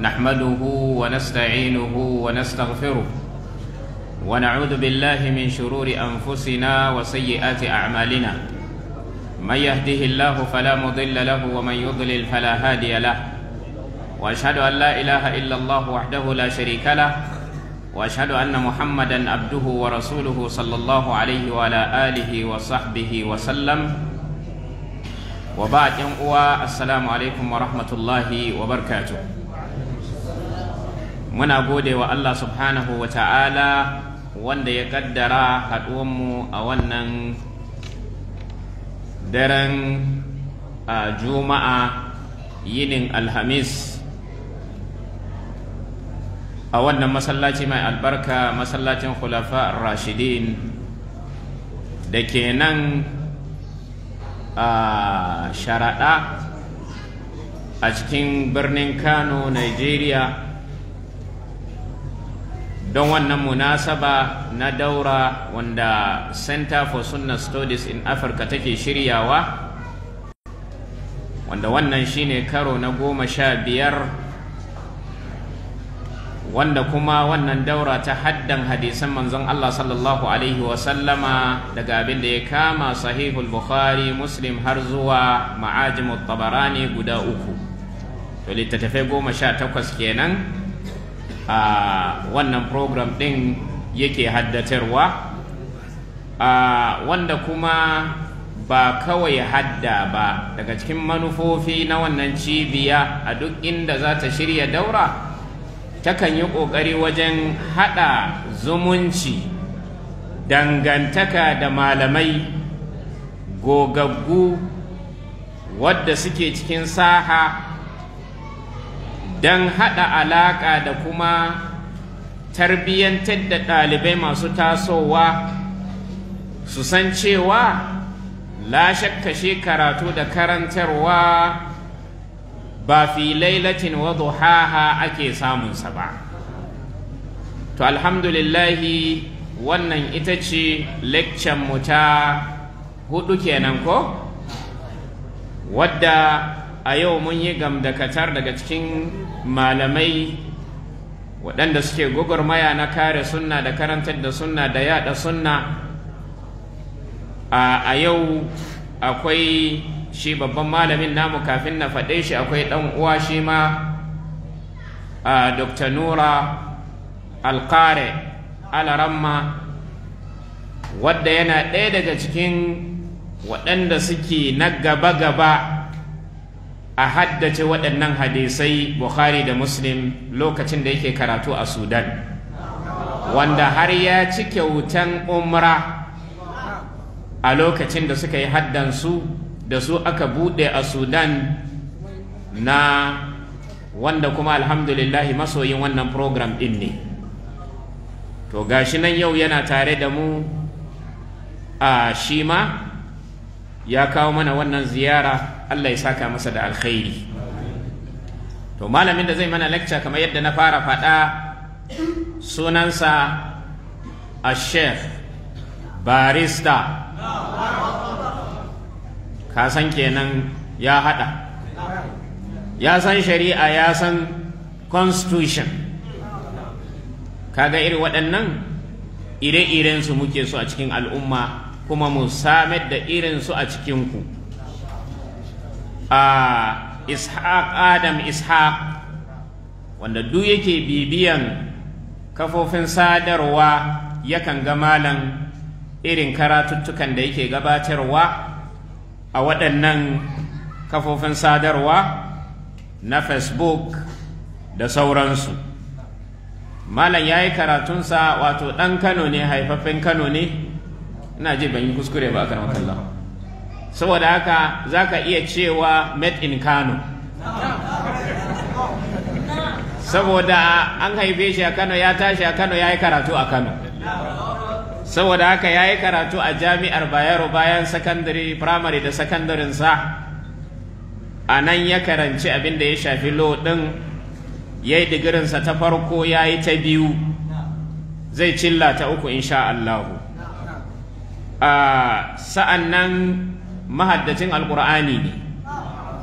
نحمده ونستعينه ونستغفره ونعوذ بالله من شرور أنفسنا وسيئات أعمالنا من يهده الله فلا مضل له ومن يضلل فلا هادي له وأشهد أن لا إله إلا الله وحده لا شريك له وأشهد أن محمدا عبده ورسوله صلى الله عليه وعلى آله وصحبه وسلم وبعد يوم السلام عليكم ورحمة الله وبركاته muna gode wa Allah subhanahu wa ta'ala wanda ya kaddara haɗuwanmu a wannan daren juma'a yinin alhamis a wannan masallaci mai albarka masallacin khulafa rashidin da ke nan a sharaɗa a cikin birnin kano nigeria don wannan munasaba na daura wanda center for sunna studies in africa take shiryawa wanda wannan shine karo na goma sha biyar wanda kuma wannan daura ta haddan hadisan manzon allah sallallahu alaihi wasallama daga abin da ya kama sahihul bukhari muslim har zuwa ma'ajimut tabarani guda uku to littattafai goma sha takwas kenan a wannan program ɗin yake haddatarwa a wanda kuma ba kawai hadda ba daga cikin manufofi na wannan cibiya a duk inda za ta shirya daura takan yi ƙoƙari wajen haɗa zumunci dangantaka da malamai gogaggu wadda suke cikin saha don haɗa alaƙa da kuma tarbiyyantar da ɗalibai masu tasowa su san cewa la shakka shi karatu da karantarwa ba fi lailatin wazo ha'ha ake samunsa ba to alhamdulillahi wannan ita ce mu ta hudu kenan ko wadda a yau mun yi gamdakatar daga cikin malamai waɗanda suke gwagwarmaya na kare sunna da karantar da sunna da yaɗa sunna a yau akwai shi babban malamin namu kafin na faɗe shi akwai ɗan uwa shi ma dr nura alkare alaramma wadda yana ɗaya daga cikin waɗanda suke na gaba-gaba a haddace waɗannan hadisai bukhari da muslim lokacin da yake karatu a sudan wanda har ya ci kyautan umra a lokacin da suka yi haddansu da su aka buɗe a sudan na wanda kuma alhamdulillahi masoyin wannan program ɗin ne to gashi nan yau yana tare da mu a shima ya kawo mana wannan ziyara Allah ya saka masa da alkhairi to malamin da zai mana lecture kamar yadda na fara faɗa sunansa a sheikh barista ka san kenan ya haɗa ya san shari'a ya san constitution kaga irin waɗannan ire-irensu muke so a cikin al'umma kuma mu samar da irinsu a cikinku a ishaq adam ishaq wanda duk yake bibiyan kafofin sadarwa yakan ga malam irin karatuttukan da yake gabatarwa a waɗannan kafofin sadarwa na facebook da sauransu malam ya yi karatunsa wato ɗan kano ne haifafin kano ne ina je ban yi kuskure ba kan Allah saboda haka zaka iya cewa made in Kano saboda an haife shi a Kano ya tashi a Kano ya yi karatu a Kano saboda haka ya yi karatu a jami'ar Bayero bayan sakandare firamare da sakandarensa, a nan ya karanci abin da ya shafi lo ɗin ya yi digirinsa ta farko ya yi ta biyu zai cilla ta uku insha Allahu sa'an nan mahaddacin alƙur'ani ne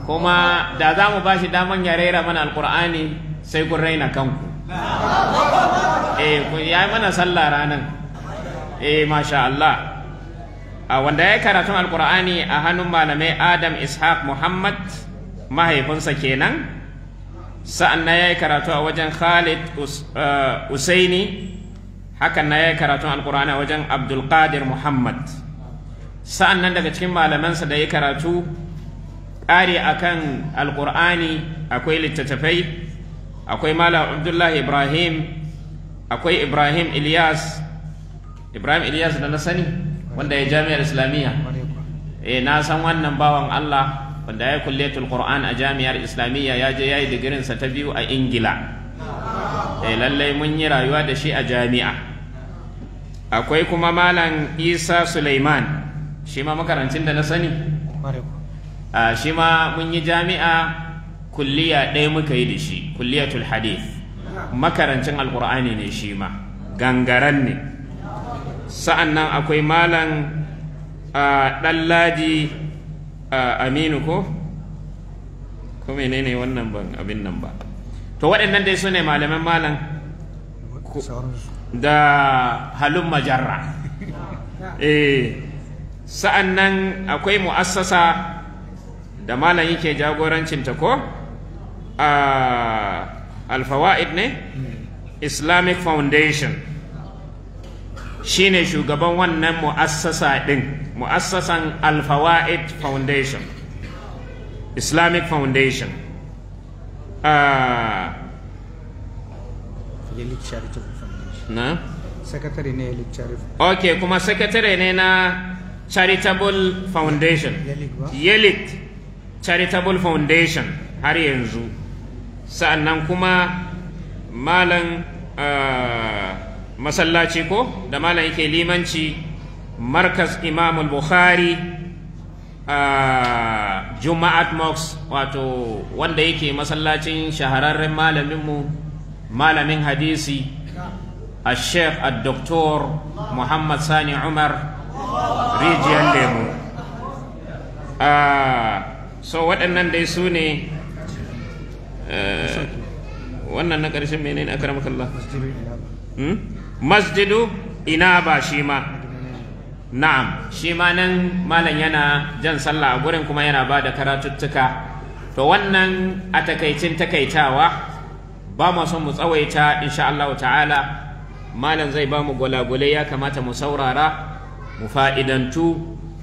kuma da za mu ba shi daman ya raira mana alƙur'ani sai kun raina kanku eh ya yi mana sallah ranar eh masha Allah wanda ya yi karatun alƙur'ani a hannun malamai adam ishaq muhammad mahaifinsa kenan sa'an nan ya yi karatu a wajen khalid eh, usaini hakan na ya yi karatun alkur'ani a wajen abdulkadir muhammad sa'an nan daga cikin malamansa da ya karatu ƙari a kan alkur'ani akwai littattafai akwai malam abdullahi ibrahim akwai ibrahim ilyas ibrahim ilyas da na sani wanda ya jami'ar islamiyya eh na san wannan bawan allah wanda ya kulle qur'an a jami'ar islamiyya ya je ya yi digirinsa ta biyu a ingila eh lallai mun yi rayuwa da shi a jami'a akwai kuma malam isa suleiman shi ma makarancin da na sani a shi ma mun yi jami'a kulliya ɗaya muka yi da shi kulliyatul hadith makarancin alkur'ani ne shi ma gangaren ne sa'an nan akwai malam ɗallaji aminu ko ko ne wannan abin nan ba to waɗannan dai su ne malaman malam da halun majarra eh sa'an nan akwai mu'assasa da malam yake jagorancinta ko a alfawa'id ne hmm. islamic foundation shi ne shugaban wannan mu'assasa ɗin mu'assasan alfawa'id foundation islamic foundation Ah. a na ne charitable ok kuma sakatare ne na charitable foundation yelit charitable foundation har yanzu sa'annan kuma malam ah, masallaci ko da malam yake limanci markas imam al-bukhari ah, juma'at mox wato wanda yake masallacin shahararren malaminmu malamin hadisi a sheikh a doktor muhammad sani umar rijiyar lemu ah, so waɗannan dai su ne eh, wannan na ƙarshen menene akarar makalla hmm? masjidu ina ba shi ma na'am shi ma nan malam yana jan sallah a gurin kuma yana ba da karatuttuka to wannan a takaicin takaitawa ba mu son mu tsawaita insha Allah ta'ala malam zai ba mu gwalagwale ya kamata mu saurara mu fa'idantu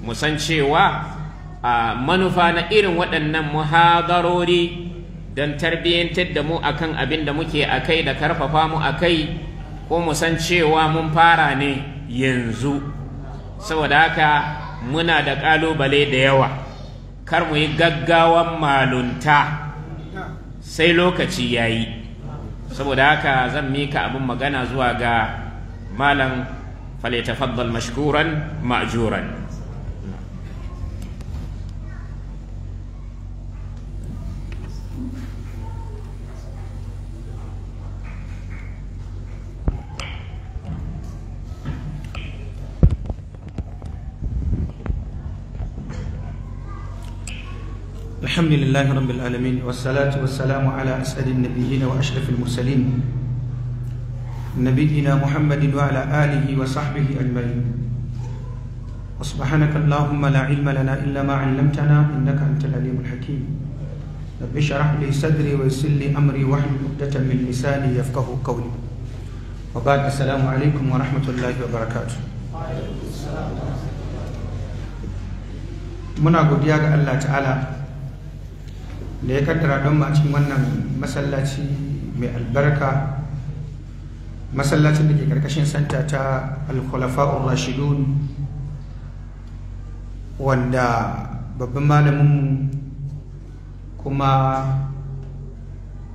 mu san cewa a manufa na irin waɗannan muhadarori don tarbiyyantar da mu akan abin da muke a kai da karfafa mu a kai ko mu san cewa mun fara ne yanzu saboda haka muna da ƙalubale da yawa kar mu yi gaggawan malunta sai lokaci ya yi saboda haka zan mika abin magana zuwa ga malam falitafaddal mashkuran ma'juran الحمد لله رب العالمين والصلاة والسلام على أسعد النبيين وأشرف المرسلين نبينا محمد وعلى آله وصحبه أجمعين وسبحانك اللهم لا علم لنا إلا ما علمتنا إنك أنت العليم الحكيم رب اشرح لي صدري ويسر لي أمري واحلل عقدة من لساني يفقه قولي وبعد السلام عليكم ورحمة الله وبركاته muna godiya ga Allah ta'ala da ya kaddara don ma cikin wannan masallaci mai albarka masallacin da ke karkashin santa ta alkhulafa'ur rashidun wanda babban malaminmu kuma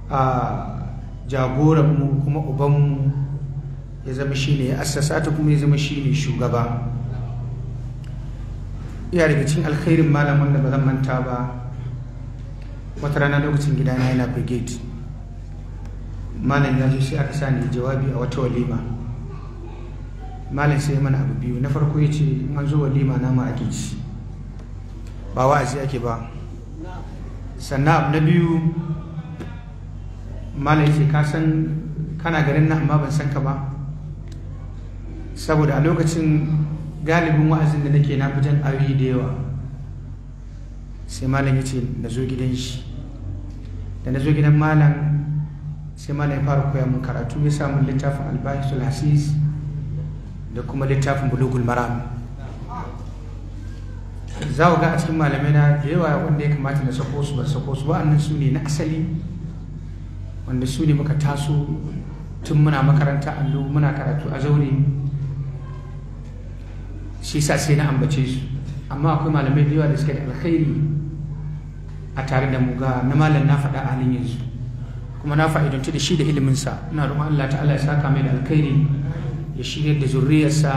a jagoranmu kuma ubanmu ya zama shine ya kuma ya zama shi ne shugaba iya rikicin cikin alkhairin malamin da ba zan manta ba wata rana lokacin gidana yana brigade malam ya zo sai aka sa ne jawabi a wata walima malam sai mana abu biyu na farko ya ce an zo walima nama ake ci ba wa'azi ake ba sannan abu na biyu malam ya ce ka san kana garin nan amma ban san ka ba saboda a lokacin galibin wa'azin da nake na fitan ayoyi da yawa sai malam ya ce na zo gidan shi da na zo gidan malam sai malam ya fara koya mun karatu ya samu littafin albahisul hasis da kuma littafin bulugul maram za ku ga a cikin malamai na da yawa wanda ya kamata na sako su ba sako su annan su ne na asali wanda su ne muka taso tun muna makaranta allo muna karatu a zaune shi sa sai na ambace su amma akwai malamai da yawa da suke da alkhairi a tare da mu ga na malam na faɗa halin yanzu kuma na fa'idantu da shi da iliminsa ina roƙon Allah ta'ala ya saka mai da alkhairi ya shirya da zurriyarsa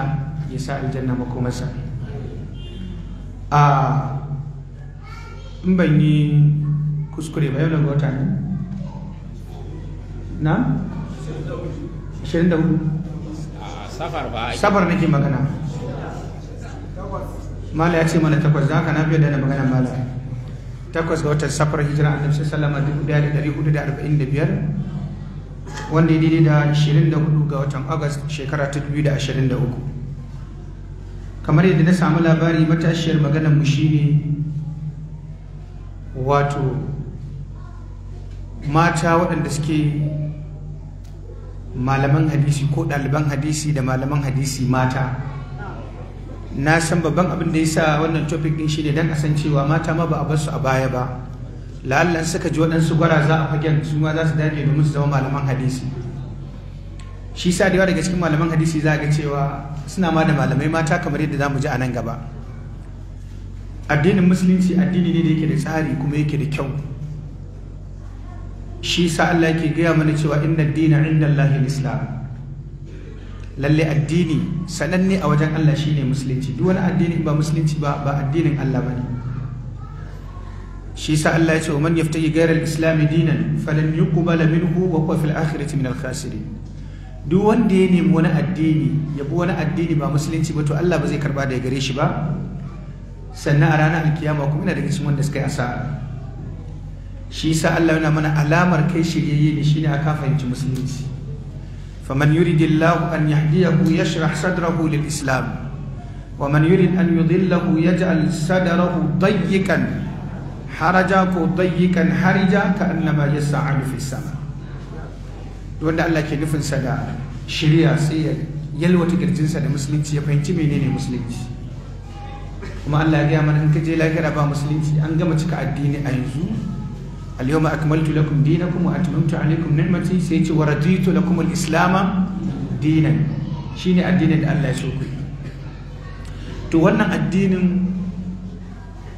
ya sa aljanna makomarsa a in ban yi kuskure ba yau daga wata ne na 24 safar nake magana mala ya ce mana takwas za ka na fiye da na magana mala takwas ga watan safar hijira annabi sallallahu alaihi wasallam 1445 wanda ya daidai da 24 ga watan agas shekara ta 2023 kamar yadda na samu labari matashiyar maganar mu shine wato mata waɗanda suke malaman hadisi ko ɗaliban hadisi da malaman hadisi mata na san babban abin da ya sa wannan topic din shine dan san cewa mata ma ba a bar su a baya ba la'allan suka ji waɗansu gwara za a fagen su ma za su dace domin su zama malaman hadisi shi sa da yawa daga cikin malaman hadisi za a ga cewa suna ma da malamai mata kamar yadda za mu ji a nan gaba addinin musulunci addini ne da yake da tsari kuma yake da kyau shi sa Allah yake gaya mana cewa inna dina inda Allah islam lalle addini sananne a wajen Allah shine musulunci duk wani addini ba musulunci ba ba addinin Allah ba ne. shi sa Allah ya ce man yaftahi ghayra al-islam dinan falan yuqbala minhu wa huwa fil akhirati min al-khasirin duk wanda ya nemi wani addini ya bi wani addini ba musulunci ba to Allah ba zai karba da gare shi ba sannan a ranar alkiyama kuma ina daga cikin wanda suka yi asara shi sa Allah yana mana alamar kai shiryayye ne shi shine aka fahimci musulunci فمن يرد الله أن يهديه يشرح صدره للإسلام ومن يرد أن يضله يجعل صدره ضيقا حرجا ضيقا حرجا كأنما يسعى في السماء وأن الله كنفن سدا شريعة سيئة yalwa ta kirjinsa da musulunci ya fahimci menene musulunci kuma Allah ya gaya mana in ka je lahira ba musulunci an gama cika addini a yanzu al-yawma akmaltu lakum wa atmamtu addinin da Allah ya so wannan addinin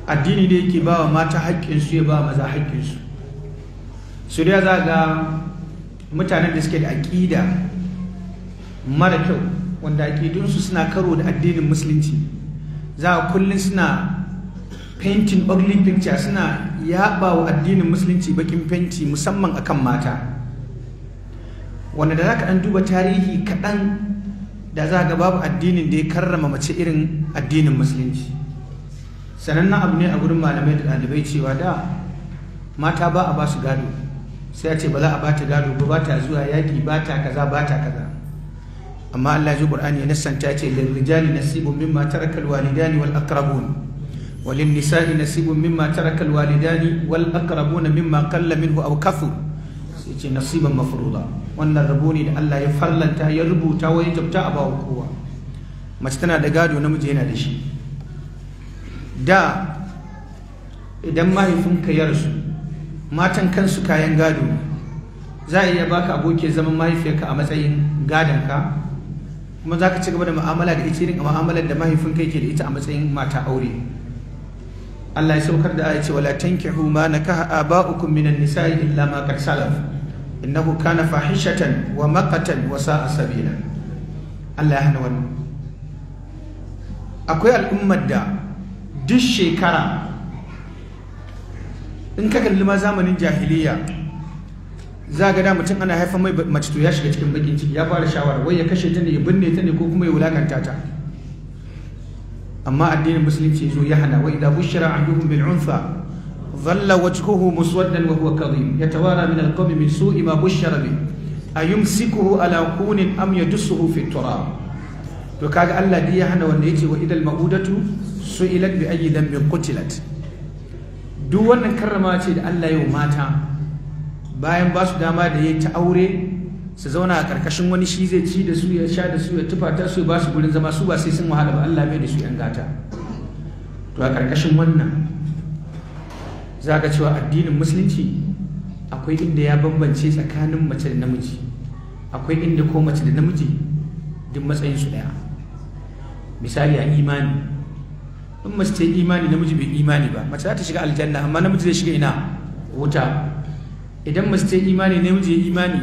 addini da yake bawa mata haƙƙin su ya ba maza haƙƙin su su da za ga mutanen da suke da aƙida mara kyau wanda aƙidunsu suna karo da addinin musulunci za a kullum suna painting ugly pictures suna yaba wa addinin musulunci bakin fenti musamman akan mata wanda da za ka ɗan duba tarihi kaɗan da za ga babu addinin da ya karrama mace irin addinin musulunci sanannen abu ne a gurin malamai da ɗalibai cewa da mata ba a ba su gado sai a ce ba za a ba gado ba ba ta zuwa yaƙi ba ta kaza ba ta kaza amma Allah ji ƙur'ani ya nassanta ce ce lirrijali nasibun mimma taraka dani wal aqrabun وللنساء نصيب مما ترك الوالدان والأقربون مما قل منه أو كثر yace nasiban mafruda wannan rabo ne da Allah ya farlanta ya rubuta wa ya jabta a bawa kowa mace tana da gado namiji yana da shi da idan mahaifinka ya rasu matan kansu kayan gado za a iya baka abokin zaman mahaifiyarka a matsayin gadonka kuma za ka ci da mu'amala da ita irin mu'amalar da mahaifinka yake da ita a matsayin mata aure Allah ya saukar da ayati wala tankihu ma nakaha aba'ukum minan nisa'i illa ma qad salaf innahu kana fahishatan wa maqatan wa sa'a sabila Allah ya hana wannan akwai al'ummar da duk shekara in ka kalli ma zamanin jahiliya za ga da mutum ana haifa mai mace to ya shiga cikin bakin ciki ya fara shawara wai ya kashe ta ne ya binne ta ne ko kuma ya wulakanta ta amma addinin musulunci zo ya hana wa idza bushira ahaduhum bil untha dhalla wajhuhu muswaddan wa huwa kadhib yatawara min al qawmi min su'i ma bushira bi ayumsikuhu ala kunin am yadussuhu fi turab to kaga Allah dai ya hana wanda yace wa idal maudatu su'ilat bi ayyi dhanbin qutilat duk wannan karrama ce da Allah yau mata bayan ba su dama da yayi ta aure su zauna a karkashin wani shi zai ci da su ya sha da su ya tufata su ba su gurin zama su ba sai sun wahala ba Allah bai da su yan gata to a karkashin wannan za ka cewa addinin musulunci akwai inda ya bambance tsakanin mace da namiji akwai inda ko mace da namiji duk matsayin su daya misali a imani in mace ta yi imani namiji bai imani ba mace za ta shiga aljanna amma namiji zai shiga ina wuta idan mace ta yi imani namiji ya imani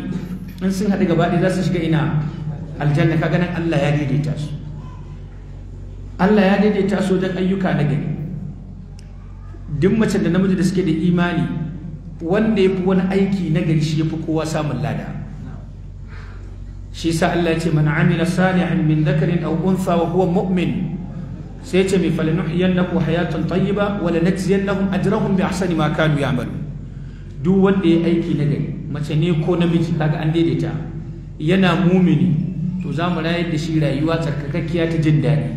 in sun haɗu gaba ɗaya za su shiga ina aljanna ka ganin Allah ya daidaita su Allah ya daidaita su wajen ayyuka na gari duk mace da namiji da suke da imani wanda ya fi wani aiki na gari shi ya fi kowa samun lada shi sa Allah ya ce man amila salihan min dhakarin aw untha wa huwa mu'min sai ce mai ku hayatun tayyiba a lanajziyannahum ajrahum bi ahsani ma kanu ya'malun duk wanda ya aiki na gari mace ne ko namiji kaga an daidaita yana mumini to za mu rayar da shi rayuwa tsarkakakkiya ta jin daɗi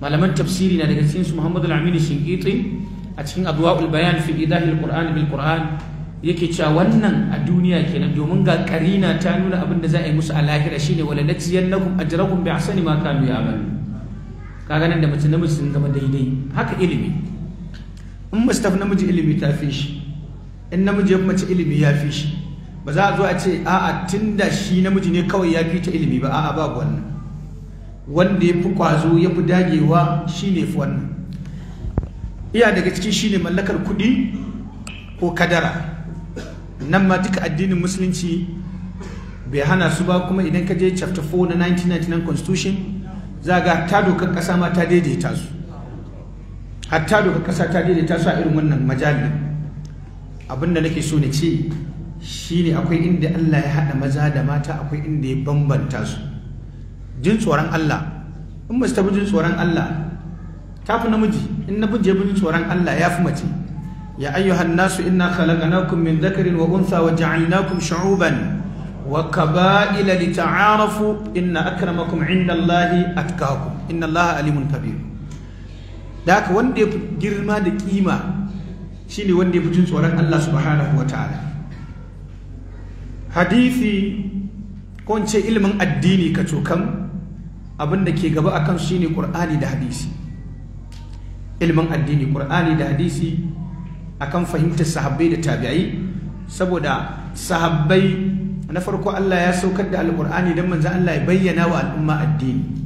malaman tafsiri na daga cikin su Muhammadu al a cikin Adwaul Bayan fi Idahil Qur'an bil Qur'an yake cewa wannan a duniya kenan domin ga karina ta nuna abin da za a yi musu a lahira shine wala najziyannakum ajrakum bi sani ma kanu ya'malu kaga nan da mace namiji sun gama daidai haka ilimi in mustaf namiji ilimi ta fi shi in namiji ya mace ilimi ya fi shi ba za a zo a ce a'a tunda shi namiji ne kawai ya fi ta ilimi ba a'a babu wannan wanda ya fi kwazo ya fi dagewa shi ne fi wannan iya daga cikin shi ne mallakar kuɗi ko kadara nan ma duka addinin musulunci bai hana su ba kuma idan ka je chapter 4 na 1999 constitution za ga ta dokar ƙasa ma ta daidaita su hatta dokar ƙasa ta daidaita su a irin wannan majalin abin da nake so na ce shine akwai inda Allah ya haɗa maza da mata akwai inda ya bambanta su jin tsoron Allah in mace ta bi jin tsoron Allah ta fi namiji in namiji ya fi jin tsoron Allah ya fi mace ya ayyuhan nasu inna khalaqnakum min dhakarin wa untha wa ja'alnakum shu'uban inda لتعارفوا إن أكرمكم عند الله أتقاكم إن da عليم wanda ya girma da kima. shine wanda ya fi jin tsoron Allah subhanahu wataala hadisi ko ce ilimin addini ka cokan abin da ke gaba akan shine qur'ani da hadisi ilimin addini qur'ani da hadisi akan fahimtar sahabbai da tabi'ai saboda sahabbai na farko Allah ya saukar da alqur'ani dan manzo Allah ya bayyana wa al'umma addini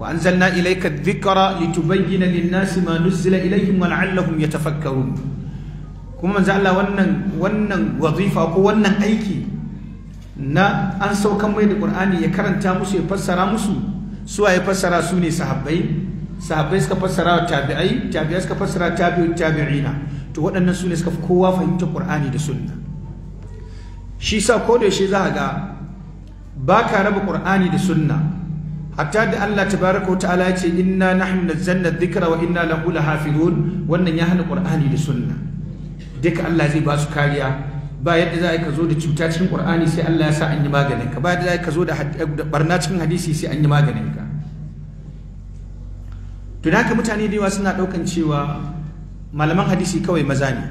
وأنزلنا إليك الذكر لتبين للناس ما نزل إليهم ولعلهم يتفكرون kuma manzo Allah wannan wannan wazifa ko wannan aiki na an saukan mai da Qur'ani ya karanta musu ya fassara musu su ya fassara su ne sahabbai sahabbai suka fassara wa tabi'ai tabi'ai suka fassara tabi'u tabi'ina to waɗannan su ne suka kowa fahimta Qur'ani da sunna shi sa ko da yaushe za ga ba ka raba Qur'ani da sunna hatta da Allah tabaraka ta'ala ya ce inna nahnu nazzalna dhikra wa inna lahu lahafizun wannan ya hana Qur'ani da sunna duka Allah zai ba su kariya ba yadda za ka zo da cuta cikin Qur'ani sai Allah ya sa an yi maganin ka ba yadda za ka zo eh, da barna cikin hadisi sai an yi maganin ka to haka mutane da yawa suna daukan cewa malaman hadisi kawai maza ne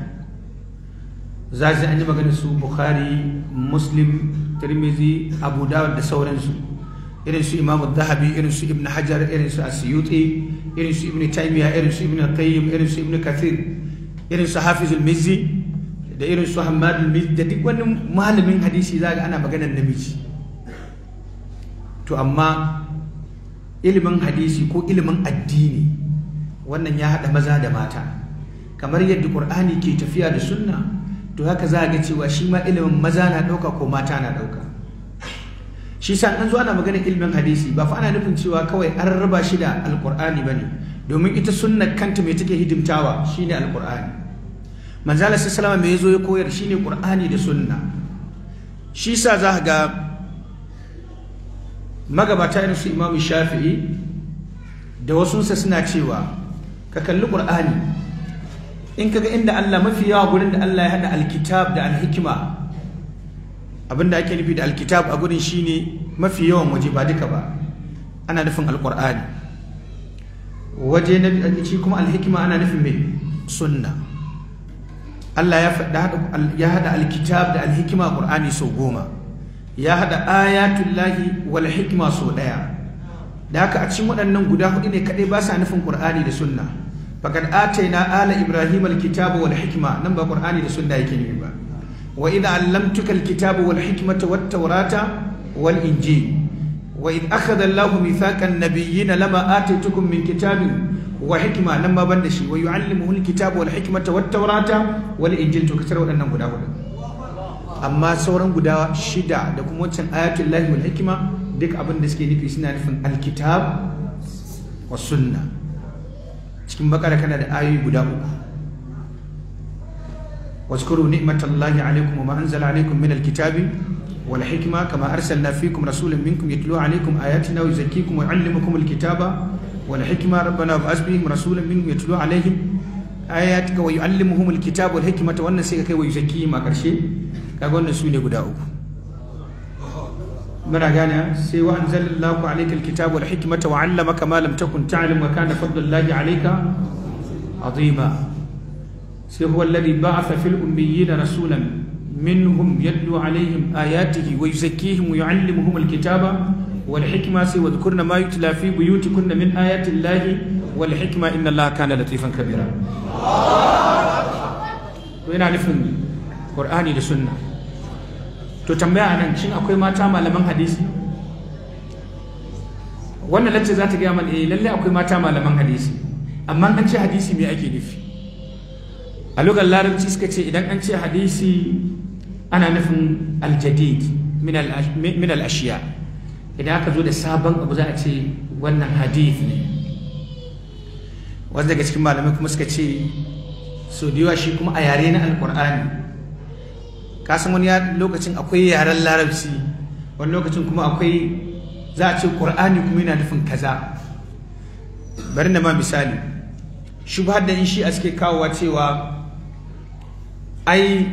za su an yi maganin su Bukhari Muslim Tirmidhi Abu Dawud da sauransu irin su Imam Dhahabi irin su Ibn Hajar irin su Asyuti irin su Ibn Taymiyyah irin su Ibn Qayyim irin su Ibn Kathir irin su hafizul mizzi da irin su hamadul mizzi da duk wani malamin hadisi za ga ana maganar namiji to amma ilimin hadisi ko ilimin addini wannan ya haɗa maza da mata kamar yadda ƙur'ani ke tafiya da sunna to haka za ga cewa shi ma ilimin maza na ɗauka ko mata na ɗauka shi sa an zo ana maganar ilimin hadisi ba fa ana nufin cewa kawai an raba shi da alƙur'ani ba ne domin ita sunna kanta mai take hidimtawa shine alƙur'ani manzala sallama me yazo ya koyar shine qur'ani da sunna shi sa za ga magabata irin su imamu shafi'i da wasunsa suna cewa ka kalli qur'ani in kaga inda Allah mafi yawa gurin da Allah ya hada alkitab da alhikima abinda ake nufi da alkitab a gurin shine mafi yawan waje ba duka ba ana nufin alqur'ani waje na a kuma alhikima ana nufin mai sunna Allah ya hada alkitab da alhikima Qur'ani sau goma ya hada ayatullahi wal hikima sau daya da haka a cikin waɗannan guda hudu ne kadai ba sa nufin Qur'ani da sunna faqad ataina ala ibrahim alkitaba wal hikma nan ba Qur'ani da sunna yake ne ba wa idha allamtuka alkitaba wal hikmata wat tawrata wal injil wa idh akhadha Allahu mithaqan nabiyyin lama atitukum min kitabin wa hikima nan ma ban da shi wa yu'allimuhu alkitaba wal hikmata wat tawrata wal injil to kasar waɗannan guda hudu amma sauran guda shida da kuma wancan ayatul lahi wal hikima duk abin da suke nufi suna nufin al alkitab wa sunna cikin bakara kana da ayoyi guda uku واذكروا نعمة الله عليكم وما أنزل عليكم من الكتاب والحكمة كما أرسلنا فيكم رسولا منكم يتلو عليكم آياتنا ويزكيكم ويعلمكم الكتاب والحكمة ربنا وابعث بهم رسولا منهم يتلو عليهم آياتك ويعلمهم الكتاب والحكمة والنسيك كي ويزكيهم أكرشي كأقول نسوني قداؤك من أغانا سي وأنزل الله عليك الكتاب والحكمة وعلمك ما لم تكن تعلم وكان فضل الله عليك عظيما سي هو الذي بعث في الأميين رسولا منهم يتلو عليهم آياته ويزكيهم ويعلمهم الكتاب wal hikma sai wa dhukurna ma yutla fi buyutikunna min ayati llahi wal hikma inna kana latifan kabira to yana nufin qur'ani da sunna to tambaya anan shin akwai mata malaman hadisi wannan lacce za ta gaya mana eh lalle akwai mata malaman hadisi amma an ce hadisi me ake nufi a lugar larabci suka ce idan an ce hadisi ana nufin aljadid min ashiya idan aka zo da sabon abu za a ce wannan hadith ne wasu daga cikin malamai kuma suka ce so da yawa shi kuma a yare na alkur'ani kasan wani lokacin akwai yaren larabci wani lokacin kuma akwai za a ce ƙur'ani kuma yana nufin kaza bari na ma misali shubhar da in shi a suke kawowa cewa ai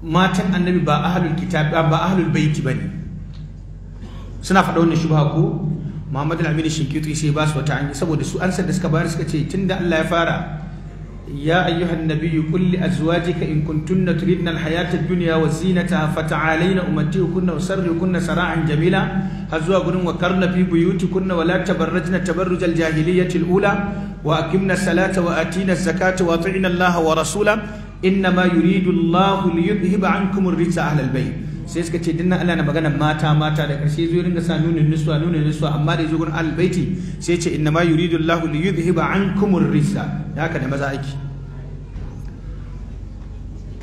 matan annabi ba ahlul kitab ba ahlul baiti ne. suna faɗa wannan shubha ko Muhammad al-Amin sai ba su wata an saboda su an da suka bayar suka ce tunda Allah ya fara ya ayyuhan nabiyyu qul li azwajika in kuntunna turidna al-hayata ad-dunya wa zinataha fata'alayna umatti'ukunna wa sarrihukunna sara'an jamila har zuwa gurin wa karna fi buyutikunna wa la tabarrajna tabarruj jahiliyyati al-ula wa aqimna salata wa atina az-zakata wa ati'na Allah wa rasula innama yuridu Allah liyudhhiba 'ankum ar-rijsa ahlal bayt sai suka ce dinnan Allah na magana mata mata da karshe zai ringa sa nunin nusuwa nunin nusuwa amma da yazo albaiti sai ce inna ma yuridu Allahu li yudhhiba ankum ar-rijsa haka da maza aiki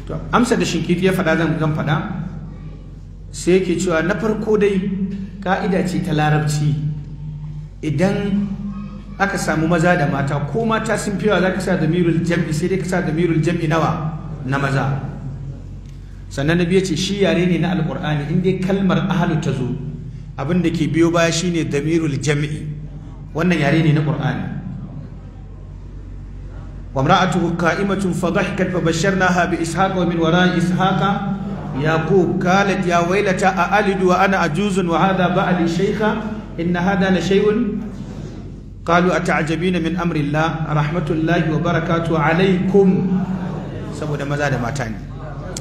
to amsa da shinkiti ya fada zan gan fada sai yake cewa na farko dai ka'ida ce ta larabci idan aka samu maza da mata ko mata sun fiyawa za ka sa damirul jam'i sai dai ka sa damirul jam'i nawa na maza sannan biyu ce shi yare ne na alkur'ani in dai kalmar ahlu ta zo abin da ke biyo baya shine damirul jam'i wannan yare ne na qur'ani wa imra'atuhu qa'imatun fa dhahikat fa basharnaha bi ishaq wa min wara'i ishaq yaqub qalat ya waylata a alidu wa ana ajuzun wa hadha ba'li shaykha inna hadha la shay'un قالوا أتعجبين من أمر الله رحمة الله وبركاته عليكم سبو saboda maza da mata ne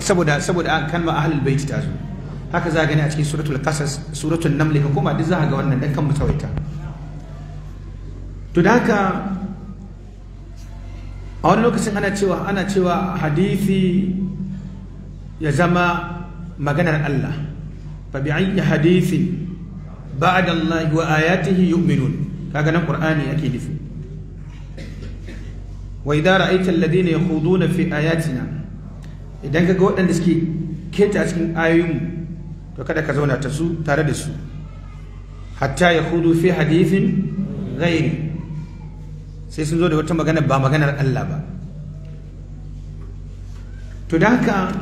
saboda saboda kan ma ahlul bait ta zo haka za gani a cikin suratul qasas suratul naml ka koma duk za ga wannan dan kan mu tsawaita to da haka a wani lokacin ana cewa ana cewa hadisi ya zama maganar Allah fa bi ayyi hadisi ba'da Allah wa ayatihi yu'minun kaga nan qur'ani ake nufi wa idara ra'aita alladhina yakhuduna fi ayatina idan ka ga waɗanda suke keta a cikin ayoyinmu to kada ka zauna ta su tare da su hatta ya hudu fi hadifin ghairi sai sun zo da wata magana ba maganar Allah ba to da haka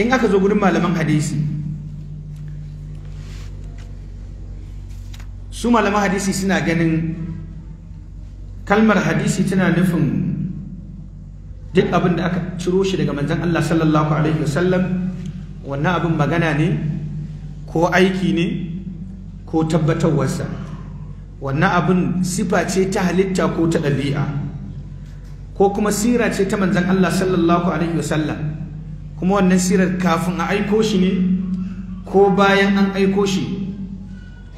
in aka zo gudun malaman hadisi su malaman hadisi suna ganin kalmar hadisi tana nufin duk abin da aka ciro shi daga manzan Allah sallallahu alaihi wasallam wannan abin magana ne ko aiki ne ko tabbatarwarsa wannan abin sifa ce ta halitta ko ta ɗabi'a ko kuma sira ce ta manzan Allah sallallahu alaihi wasallam kuma wannan sirar kafin a aiko shi ne ko bayan an aiko shi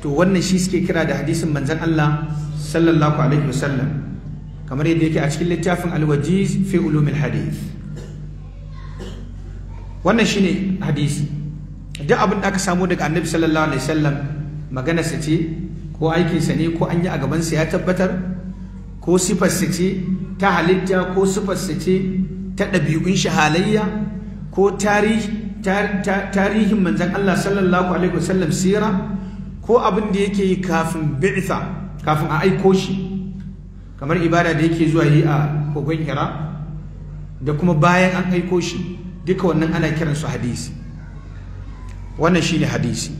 to wannan shi suke kira da hadisin manzan Allah sallallahu alaihi wasallam kamar yadda yake a cikin littafin alwajiz fi ulumin hadith wannan shine hadisi duk abin da aka samu daga annabi sallallahu alaihi wasallam magana sa ce ko aikin sa ne ko an yi a gaban sa ya tabbatar ko sifar sa ce ta halitta ko sifar sa ce ta ɗabi'un shi halayya ko tarihin manzan Allah sallallahu alaihi wasallam sira ko abin da yake yi kafin bi'tha kafin a aiko shi kamar ibada da yake zuwa yi a kogon hira da kuma bayan an aiko shi duka wannan ana kiransu hadisi wannan shine hadisi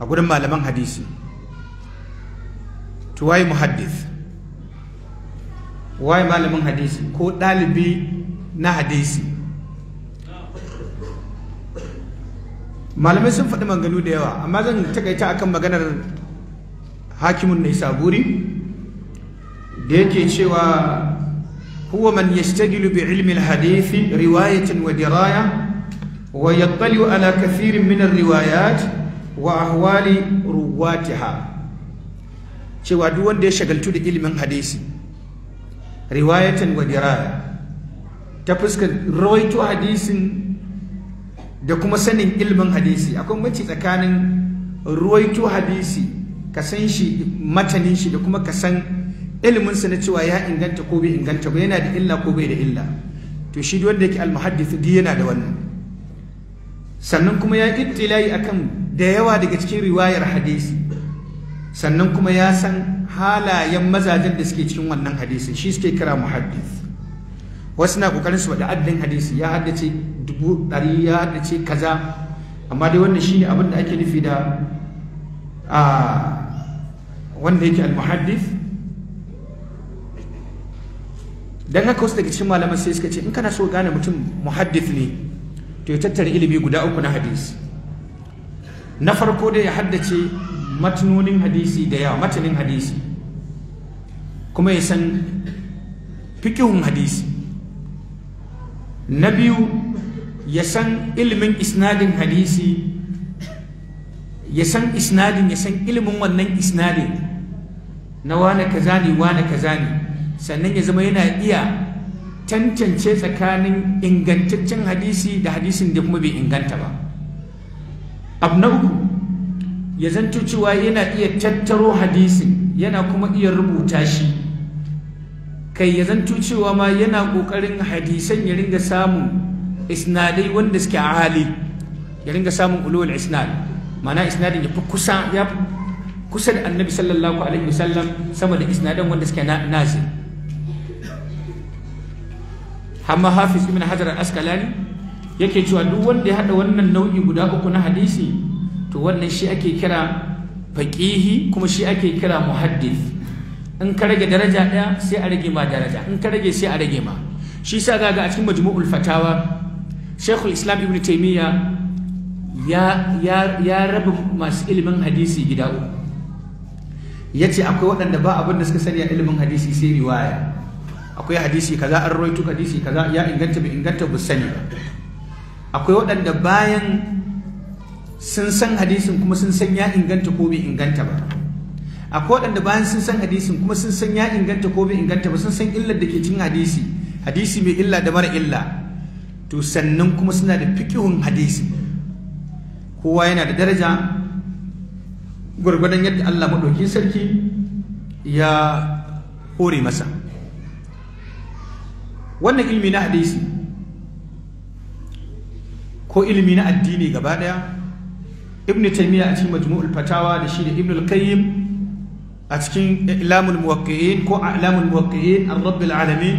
a gurin malaman hadisi to waye muhaddith waye malamin hadisi ko dalibi na hadisi malamai sun faɗi maganganu da yawa amma zan takaita akan maganar hakimun na isa guri da yake cewa huwa man yashtagilu bi ilmi al-hadith riwayatin wa diraya wa yattali ala kathirin min riwayat wa ahwali ruwatiha cewa duk wanda ya shagaltu da ilmin hadisi riwayatan wa diraya ta fuskar rawaito hadisin da kuma sanin ilmin hadisi akwai banci tsakanin ruwaito hadisi ka san shi matanin shi da kuma ka san ilimin iliminsa na cewa ya inganta ko bai inganta ba yana da illa ko bai da illa to shi wanda yake almuhaddith duk yana da wannan sannan kuma ya ittilayi akan da yawa daga cikin riwayar hadisi sannan kuma ya san halayen mazajen da suke cikin wannan hadisi shi suke kira muhaddith wasu na kokarin su da addin hadisi ya haddace dubu ɗari ya haddace kaza amma dai wannan shine abin da ake nufi da ah, wanda yake almuhaddith dan haka wasu daga cikin malaman sai suka ce in kana so gane mutum muhaddith ne to ya tattara ilimi guda uku na hadisi na farko dai ya haddace matnonin hadisi da yawa matanin hadisi kuma ya san fikihun hadisi na biyu ya san ilimin isnadin hadisi ya san isnadin ya san ilimin wannan isnadin na wane ka ne wane ka zane sannan ya zama yana iya tantance tsakanin ingantaccen hadisi da hadisin da kuma bai inganta ba abu na uku ya zanto cewa yana iya tattaro hadisin yana kuma iya rubuta shi kai ya zanto cewa ma yana ƙoƙarin hadisan ya ringa samun isnadai wanda suke hali ya ringa samun ulwal isnad mana isnadin ya fi kusa ya kusa da annabi sallallahu alaihi wasallam sama da isnadan wanda suke nazil Amma hafiz ibn hajar al askalani yake cewa duk wanda ya hada wannan nau'i guda uku na hadisi to wannan shi ake kira faqihi kuma shi ake kira muhaddith in ka rage daraja daya sai a rage ma daraja in ka rage sai a rage ma shi sa ga a cikin majmu'ul fatawa shaykhul islam ibn taimiyya ya raba masu ilimin hadisi gida uku ya ce akwai waɗanda ba abin da suka sani a ilimin hadisi sai riwaya akwai hadisi kaza an roitu hadisi kaza ya inganta bai inganta bu sani ba akwai waɗanda bayan sun san hadisin kuma sun san ya inganta ko bai inganta ba akwai waɗanda bayan sun san hadisin kuma sun san ya inganta ko bai inganta ba sun san illar da ke cin hadisi hadisi mai illa da mara illa to sannan kuma suna da fikihun hadisi kowa yana da daraja gwargwadon yadda Allah maɗauki sarki ya hore masa wannan ilmi na hadisi ko ilmi na addini gaba daya ibn taymiya a cikin majmu'ul fatawa da shi da ibn al-qayyim a cikin ilamul muwaqqi'in ko ilamul muwaqqi'in ar-rabbil alamin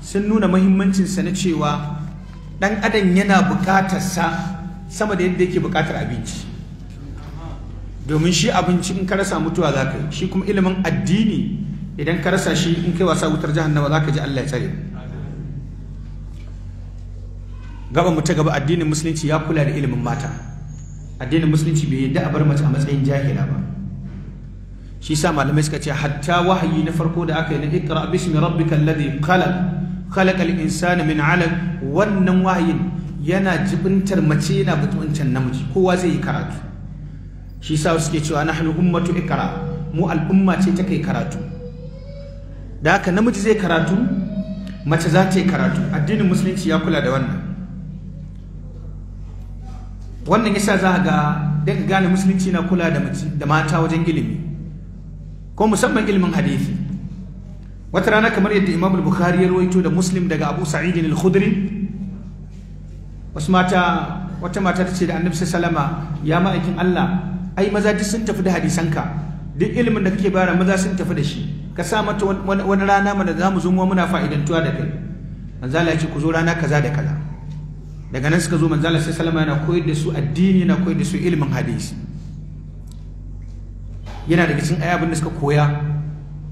sun nuna muhimmancin sa na cewa dan adam yana bukatar sa sama da yadda yake bukatar abinci domin shi abinci in ka rasa mutuwa zaka shi kuma ilimin addini idan ka rasa shi in kai wasa wutar jahannama za ka ji Allah ya tsare gaba mu ta gaba addinin musulunci ya kula da ilimin mata addinin musulunci bai yadda a bar mace a matsayin jahila ba shi sa malamai suka ce hatta wahayi na farko da aka yi na ikra bismi rabbikal ladhi khalaq khalaqal insana min 'alaq wannan wahayin yana jibintar mace yana mutuncin namiji kowa zai yi karatu shi sa suke cewa nahnu ummatu ikra mu al'umma ce ta kai karatu da haka namiji zai karatu mace za ta yi karatu addinin musulunci ya kula da wannan wannan yasa za ga dan gane musulunci na kula da mata wajen ilimi ko musamman ilimin hadisi wata rana kamar yadda Imam Bukhari ya rawaito da Muslim daga Abu Sa'id al-Khudri wasu mata wata mata ta ce da Annabi sallama ya ma'aikin Allah ai maza duk sun tafi da hadisanka duk ilimin da kake bara maza sun tafi da shi ka sa mata wani rana mana za mu zumo muna fa'idantuwa da kai manzala ya ce ku zo rana kaza da kaza daga nan suka zo manzala sai salama yana koyar da su addini yana koyar da su ilimin hadisi yana daga cikin abin da suka koya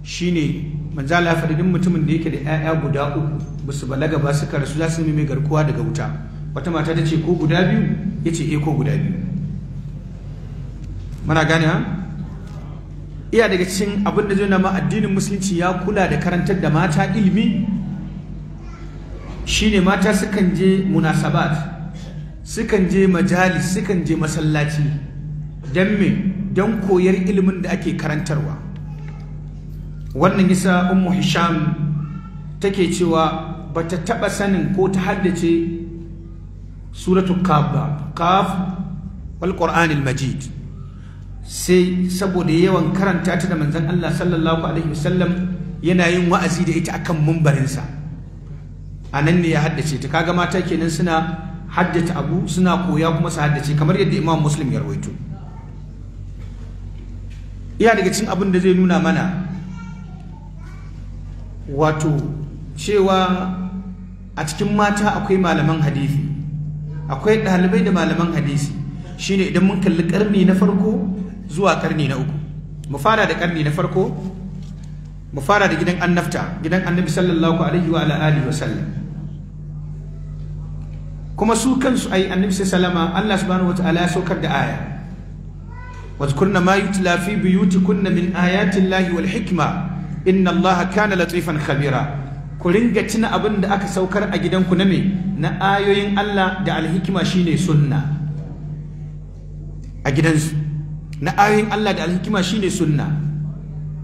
shine manzala ya faɗi duk mutumin da yake da 'ya'ya guda uku ba su balaga ba suka rasu za su yi mai garkuwa daga wuta wata mata ta ce ko guda biyu ya ce eh ko guda biyu mana gane ha iya daga cikin abin da zai nama addinin musulunci ya kula da karantar da mata ilimi shine mata sukan je munasabat sukan je majalis sukan je masallaci don me don koyar ilimin da ake karantarwa wannan yasa ummu hisham take cewa bata taba sanin ko ta haddace suratul kaf ba kaf wal majid sai saboda yawan karanta ta da manzon Allah sallallahu alaihi wasallam yana yin wa'azi da ita akan mumbarinsa a nan ne ya haddace ta kaga mata kenan suna haddata abu suna koya kuma su haddace kamar yadda imam muslim ya rawaito iya daga cin abin da zai nuna mana wato cewa a cikin mata akwai malaman hadisi akwai ɗalibai da malaman hadisi shine idan mun kalli ƙarni na farko zuwa karni na uku mu fara da karni na farko mu fara da gidan annabta gidan annabi sallallahu alaihi wa ala alihi wa sallam kuma su kansu ai annabi sallama Allah subhanahu wa ta'ala ya saukar da aya wazkurna ma yutla fi kunna min ayati Allahi wal hikma inna Allah kana latifan khabira ku ringa tuna abin da aka saukar a gidanku na me na ayoyin Allah da alhikima shine sunna a gidansu na ayoyin Allah da alhikima shine sunna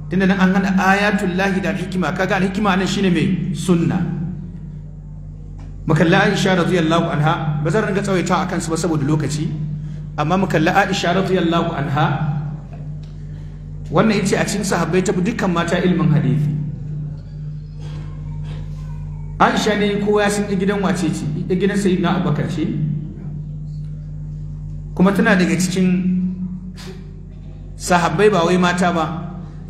tunda nan an hada ayatul lahi da alhikima kaga alhikima nan shine mai sunna mukalla Aisha radiyallahu anha ba zan ringa tsawaita akan su ba saboda lokaci amma mukalla Aisha radiyallahu anha wannan yace a cikin sahabbai ta dukkan mata ilmin hadisi Aisha ne kowa ya san gidan wace ce gidan Sayyidina Abubakar ce kuma tana daga cikin sahabbai ba wai mata ba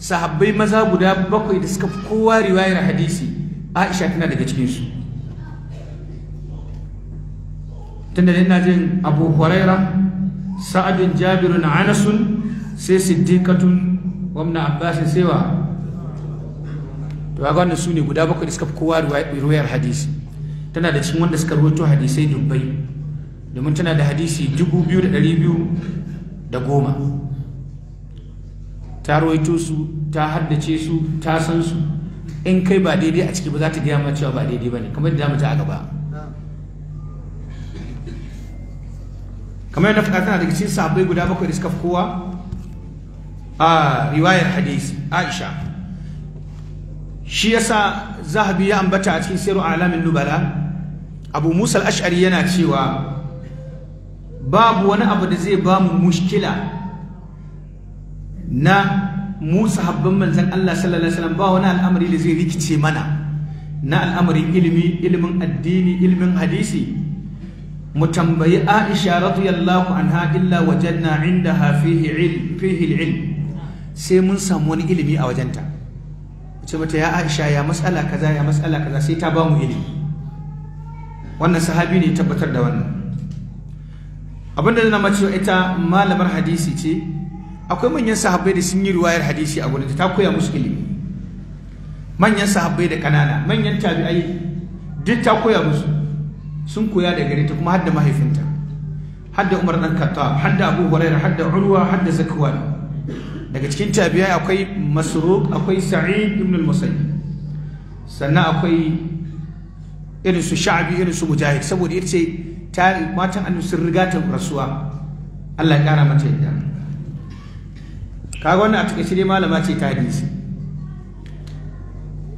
sahabbai maza guda bakwai da suka fi kowa riwayar hadisi aisha tana daga cikinsu tunda da ina jin abu huraira sa'adun jabirun anasun sai siddiqatun wamna abbasin sai wa to ga su ne guda bakwai da suka fi kowa riwayar hadisi tana da cikin wanda suka rubuto hadisai dubbai domin tana da hadisi dubu biyu da ɗari biyu da goma ta rawaito su ta haddace su ta san su in kai ba daidai a ciki ba za ta gaya ma cewa ba daidai ba ne kamar da mu ta a gaba kamar yadda fuka tana daga cikin sabai guda bakwai da suka fi kowa a riwayar hadisi aisha shi yasa zahabi ya ambata a cikin sirru alamin nubala abu musal ashari yana cewa babu wani abu da zai ba mu mushkila na mu sahabban manzon Allah sallallahu alaihi wasallam ba wani al'amari da zai rikice mana na al'amarin ilimi ilimin addini ilimin hadisi mu tambayi Aisha radiyallahu anha illa wajanna indaha fihi ilm fihi ilm sai mun samu wani ilimi a wajenta ce mata ya Aisha ya matsala kaza ya matsala kaza sai ta ba mu ilimi wannan sahabi ne tabbatar da wannan abinda na mace ita malamar hadisi ce akwai manyan sahabbai da sun yi riwayar hadisi a gurin ta koya musu ilimi manyan sahabbai da kanana manyan tabi'ai duk ta koya musu sun koya da gare ta kuma hadda mahaifinta hadda Umar dan Khattab hadda Abu Hurairah hadda Urwa hadda Zakwan daga cikin tabi'ai akwai Masruq akwai Sa'id ibn al-Musayyib sannan akwai irin su Sha'bi irin su Mujahid saboda ita ce matan annabi sun riga ta rasuwa Allah ya kara mata yadda kaga wannan a cikin shirye malama ce ta hadisi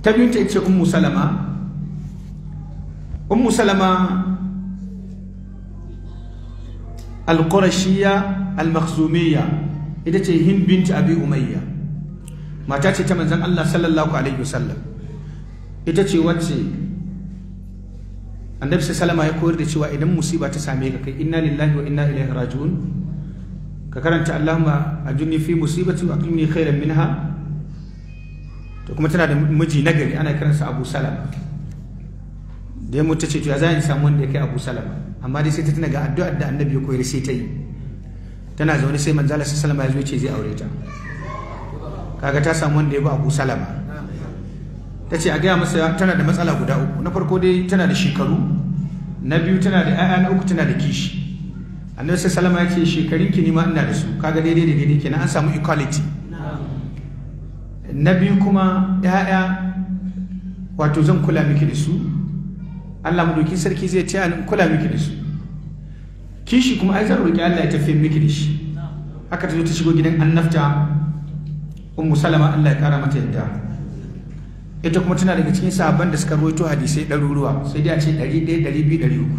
ta biyu ta ce ummu salama ummu salama al-qurashiyya ita ce hind binti abi umayya mata ce ta manzon Allah sallallahu alaihi wasallam ita ce wacce annabi sallallahu Salama ya koyar da cewa idan musiba ta same ka kai inna lillahi wa inna ilaihi raji'un ka karanta Allahumma ajurni fi musibati wa aqlimni khairan minha to kuma tana da miji nagari ana karanta Abu Salama da ya mutu ce to ya za samu wanda ya kai Abu Salama amma dai sai ta tana ga addu'ar da Annabi ya koyar sai ta yi tana zaune sai manzo Allah sallallahu alaihi wasallam ya zo ce zai aure ta kaga ta samu wanda ya bi Abu Salama ta ce a gaya masa tana da matsala guda uku na farko dai tana da shekaru na biyu tana da 'ya'ya na uku tana da kishi annabi sai alaihi ya ce shekarun ki nima ina da su kaga daidai da daidai kenan an samu equality na biyu kuma ya'ya wato zan kula miki da su Allah doki sarki zai ce an kula miki da su kishi kuma ai zan roki Allah ya tafi miki da shi haka ta zo ta shigo gidan annabta ummu salama Allah ya kara mata yadda ita kuma tana daga cikin sahabban da suka ruwaito hadisai ɗaruruwa sai dai a ce ɗari ɗaya ɗari biyu ɗari uku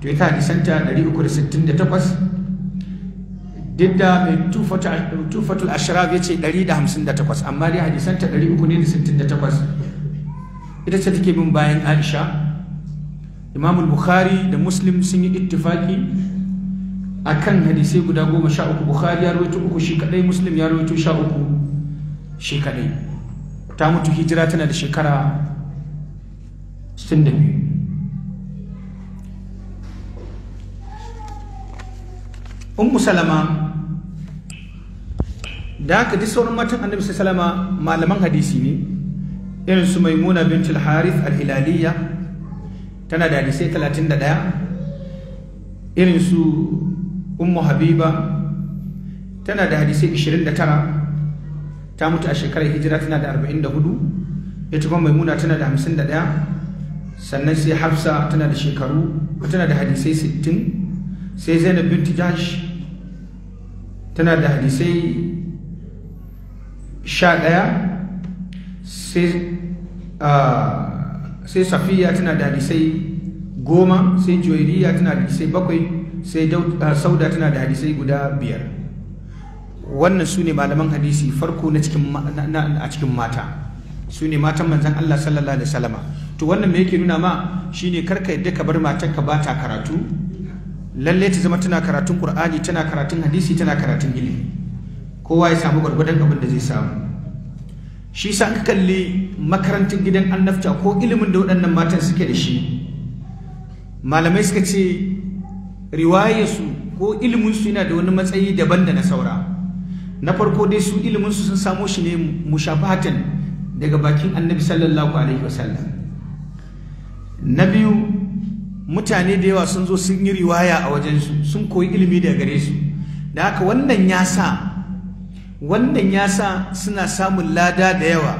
to ya kawo hadisanta 368 duk da mai tufatul ashraf ya ce 158 amma dai hadisanta 368 ita ce take bin bayan aisha imamul bukhari da muslim sun yi ittifaki a kan hadisai guda goma sha uku bukhari ya rawaito uku shi kadai muslim ya rawaito sha uku shi kadai ta mutu hijira tana da shekara 62 ummu salama da haka duk sauran matan annabi salama malaman hadisi ne irin su maimuna bin harith al hilaliya tana da hadisai 31 irin su ummu habiba tana da hadisai 29 ta mutu a shekarar hijira tana da 44 ita kuma maimuna tana da 51 sannan sai hafsa tana da shekaru tana da hadisai 60 sai zainab bin tijash tana da hadisai sha ɗaya sai safiya tana da hadisai goma sai juwairiya tana da hadisai bakwai sai sauda tana da hadisai guda biyar wannan su ne malaman hadisi farko a cikin mata su ne matan manzan Allah sallallahu alaihi wasallama to wannan me yake nuna ma shine karka yadda ka bar matanka ka ba ta karatu lalle ta zama tana karatun Kur'ani tana karatun hadisi tana karatun ilimi kowa ya samu gwargwadon abin da zai samu shi sa ka kalli makarantar gidan annabta ko ilimin da waɗannan matan suke da shi malamai suka ce riwayarsu ko iliminsu yana da wani matsayi daban da na saura na farko dai su iliminsu sun samo shi ne mushafatan daga bakin annabi sallallahu alaihi wasallam na biyu mutane da yawa sun zo sun yi riwaya a wajensu sun koyi ilimi daga gare su da haka wannan ya sa wannan ya sa suna samun lada da yawa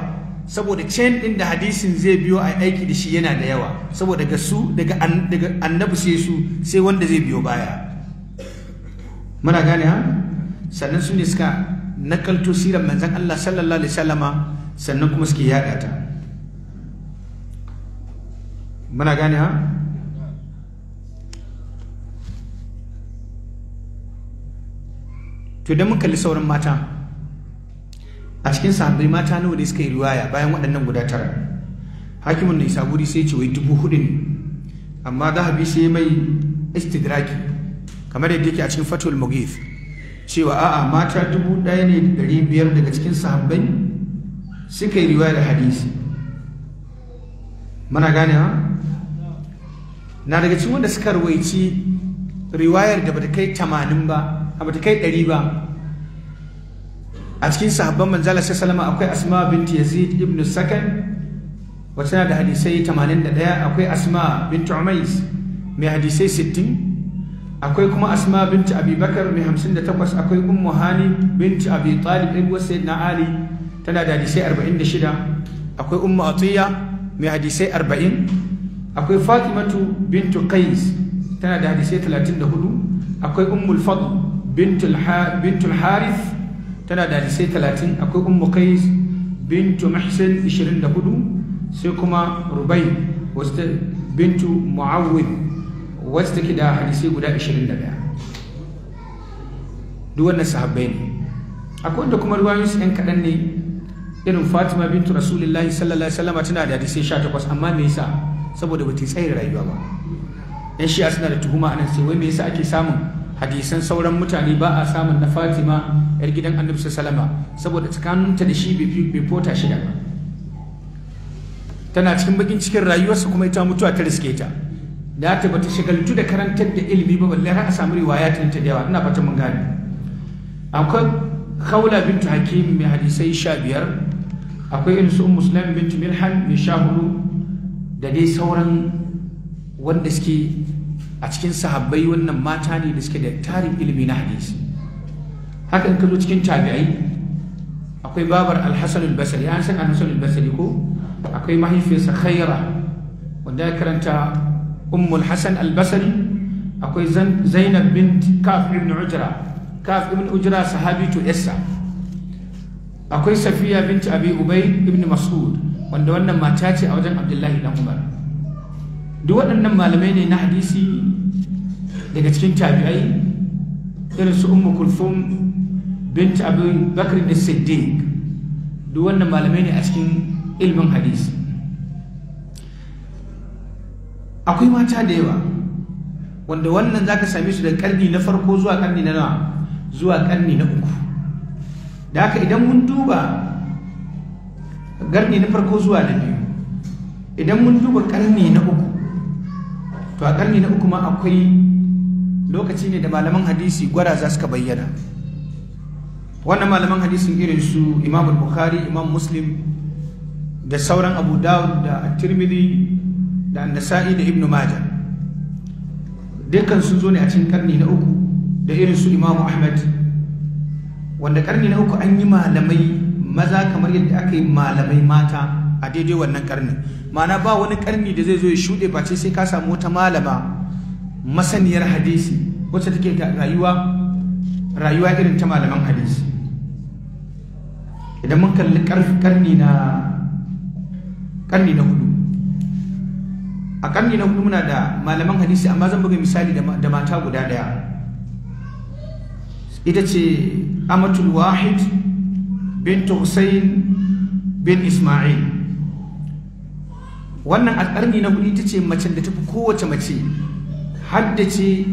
saboda chain din da hadisin zai biyo a aiki da shi yana da yawa saboda daga su daga annabi sai su sai wanda zai biyo baya muna gane ha sannan su ne suka nakalto sirar manzon Allah sallallahu alaihi wasallama sannan kuma suke yada ta muna gane ha to idan mun kalli sauran mata a cikin sahabbai mata nawa ne suka yi riwaya bayan waɗannan guda tara hakimin da buri sai ce wai dubu hudu ne amma zahabi sai mai istidraki kamar yadda yake a cikin fatul mughith cewa a'a mata dubu ɗaya ne da ɗari biyar daga cikin sahabbai suka yi riwaya da hadisi mana gane ha na daga cikin wanda suka rawaici riwayar da bata kai tamanin ba a bata kai ɗari ba a cikin sahabban manzala sai salama akwai asma binti yazid ibn sakan wata na da hadisai 81 akwai asma binti umais mai hadisai 60 akwai kuma asma binti abubakar mai 58 akwai ummu hani binti abi talib ibn na ali tana da hadisai 46 akwai ummu atiya mai hadisai 40 akwai fatimatu bintu qais tana da hadisai 34 akwai ummul fadl bintul harith tana da hadisai talatin akwai ummu qais bintu mahsin 24 sai kuma rubai wasta bintu muawwid wacce take da hadisai guda 21 duk wannan sahabbai ne akwai wanda kuma ruwayoyin su ɗan kaɗan ne irin fatima bintu rasulullahi sallallahu alaihi wasallam tana da hadisai 18 amma me yasa saboda ba ta tsaye rayuwa ba yan shi'a suna da tuhuma anan sai wai me yasa ake samun hadisan sauran mutane ba a samun na fatima yar gidan annabi salama saboda tsakaninta da shi bai fota shida ba tana cikin bakin cikin rayuwarsa kuma ita mutuwa ta riske ta da ta bata shagaltu da karantar da ilimi ba balle har a samu riwaya ta ta yawa ina fata mun gane akwai khawla bintu hakim mai hadisai sha biyar akwai irin su muslim bintu milhan mai sha hudu da dai sauran wanda suke a cikin sahabbai wannan mata ne da suke da tarin ilimi na hadisi hakan ka cikin tabi'ai akwai babar alhassan Basri, an san alhassan Basri ko akwai mahaifiyarsa khaira wanda ya karanta ummul hassan albasari akwai zainab bint kaf ibn ujra kaf ibn ujra sahabi to yassa akwai safiya bint abi ubay ibn mas'ud wanda wannan mata ce a wajen abdullahi dan umar duk waɗannan malamai ne na hadisi daga cikin tabi'ai irin su ummu kulfum bint abu bakr da siddiq duk wannan malamai ne a cikin ilmin hadisi akwai mata da yawa wanda wannan zaka same su da karni na farko zuwa karni na nawa zuwa karni na uku da haka idan mun duba karni na farko zuwa na biyu idan mun duba karni na uku to a ƙarni na uku ma akwai lokaci ne da malaman hadisi za su ka bayyana wannan malaman hadisin irin su imam bukhari imam muslim da sauran abu dawud da tirmidhi da nasa'i da ibnu maja dukkan sun zo ne a cikin ƙarni na uku da irin su imam ahmad wanda ƙarni na uku an yi malamai maza kamar yadda aka yi malamai mata a daidai wannan ƙarni ma'ana ba wani karni da zai zo ya shuɗe ba ce sai ka samu wata malama masaniyar hadisi wacce take rayuwa rayuwa irin ta malaman hadisi idan mun kalli karni na karni na hudu a karni na hudu muna da malaman hadisi amma zan buga misali da mata guda daya ita ce amatul wahid bin hussein bin ismail wannan a na hudu ita ce macen da tafi kowace mace haddace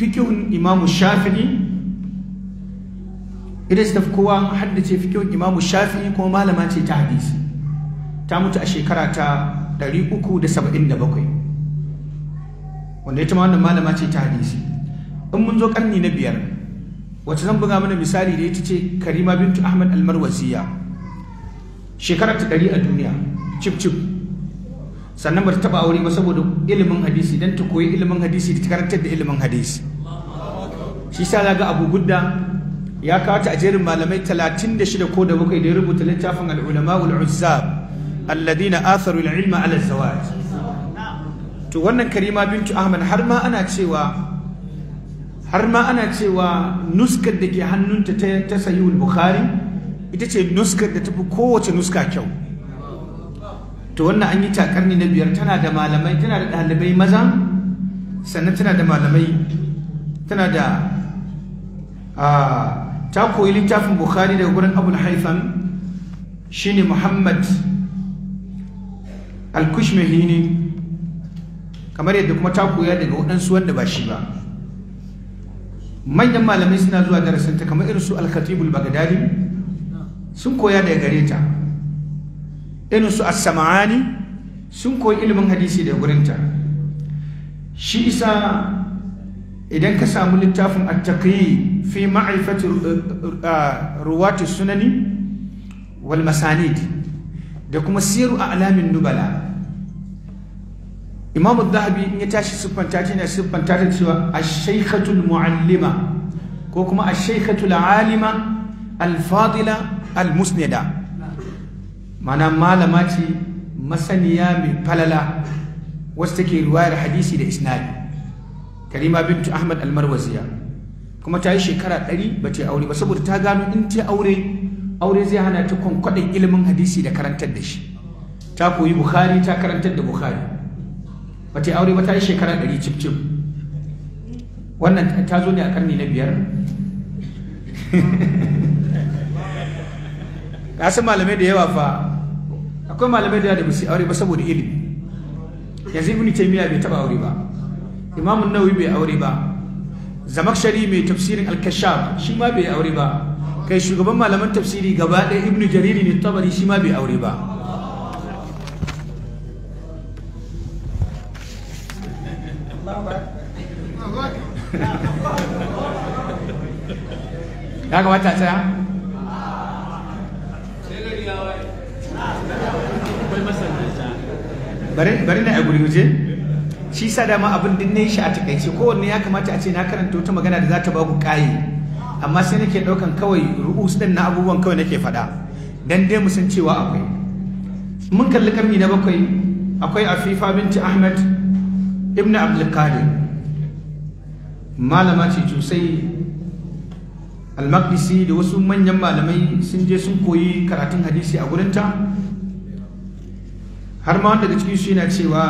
fikihun imamu shafi'i ita ce tafi kowa haddace fikihun imamu shafi'i kuma malama ce ta hadisi ta mutu a shekara ta 377 wanda ita ma wannan malama ce ta hadisi in mun zo ƙarni na biyar wacce zan buga mana misali da ita ce karima bintu ahmad almarwasiya shekarar ta ɗari a duniya cip cip sannan ba ta taba aure ba saboda ilimin hadisi dan ta koyi ilimin hadisi ta karantar da ilimin hadisi shi sa zaga Abu Gudda ya kawata ta a jerin malamai 36 ko da bakwai da ya rubuta littafin al'ulama ul'uzzab alladina atharu ilma ala zawaj to wannan karima bintu ahmad har ma ana cewa har ma ana cewa nuskar da ke hannunta ta sayi bukhari ita ce nuskar da ta fi kowace nuska kyau to wannan an yi ta karni na biyar tana da malamai tana da ɗalibai maza sannan tana da malamai tana da ta koyi littafin bukhari daga gurin abul haifan shine muhammad al-kushmehi ne kamar yadda kuma ta koya daga waɗansu wanda ba shi ba manyan malamai suna zuwa darasinta kamar irin su al-khatibul bagdadi sun koya daga gare ta irin su as sun koyi ilimin hadisi da gurinta shi isa idan ka samu littafin at fi ma'aifatu eh, eh, ruwatu sunani wal masanid da kuma siru a alamin nubala imamu zahabi in ya tashi siffanta ce na siffanta ta cewa a shaykhatul mu'allima ko kuma a shaykhatul alima al-fadila al-musnida mana malama ce masaniya mai falala wasu take ruwayar hadisi da isnadi karima bintu ahmad almarwaziya kuma ta yi shekara ɗari ba ta aure ba saboda ta gano in ta aure aure zai hana ta kwankwaɗin ilimin hadisi da karantar da shi ta koyi bukhari ta karantar da bukhari ba ta aure ba ta yi shekara ɗari cif wannan ta zo ne a karni na biyar kasu malamai da yawa fa akwai malamai da da musu aure ba saboda ilimi yanzu ibnu taymiya bai taba aure ba imam an nawawi bai aure ba zamakshari mai tafsirin al-kashaf shi ma bai aure ba kai shugaban malaman tafsiri gaba ɗaya ibnu jariri ne tabari shi ma bai aure ba ya kamata ta bari na a gurguje shi sa dama abin din ne shi a takaice kowanne ya kamata a ce na karanta wata magana da za ta ba ku kayi. amma sai nake ɗaukan kawai ru'us din na abubuwan kawai nake faɗa dan dai mu san cewa akwai mun kalli karni na bakwai akwai afifa binti ahmad ibn qadir malama ce sosai almakdisi da wasu manyan malamai sun je sun koyi karatun hadisi a gurinta har ma wanda daga cikin su yana cewa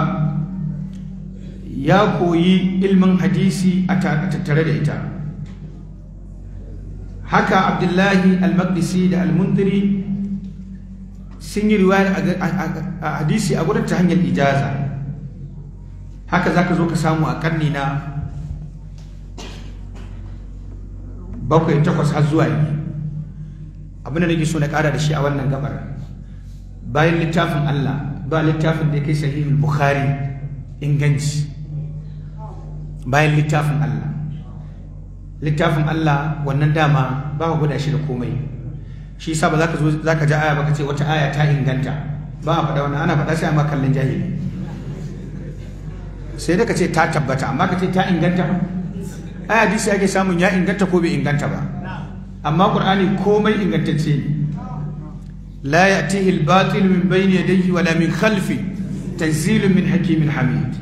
ya koyi ilmin hadisi a tattare da ita haka abdullahi al-maqdisi da al-mundiri sun yi riwaya a hadisi a gudun ta hanyar ijaza haka za ka zo ka samu a karni na bakwai takwas har zuwa yi abinda nake so na kara da shi a wannan gabar bayan littafin allah ba littafin da ya kai sahihul bukhari inganci bayan littafin Allah littafin Allah wannan dama ba ka guda shi da komai shi yasa ba za ka zo za ji aya ba ka ce wata aya ta inganta ba a faɗa wannan ana faɗa sai amma kallon jahili sai da ka ce ta tabbata amma ka ce ta inganta aya hadisi ake samun ya inganta ko bai inganta ba amma qur'ani komai ingantacce ne لا يأتيه الباطل من بين يديه ولا من خلفه تنزيل من حكيم حميد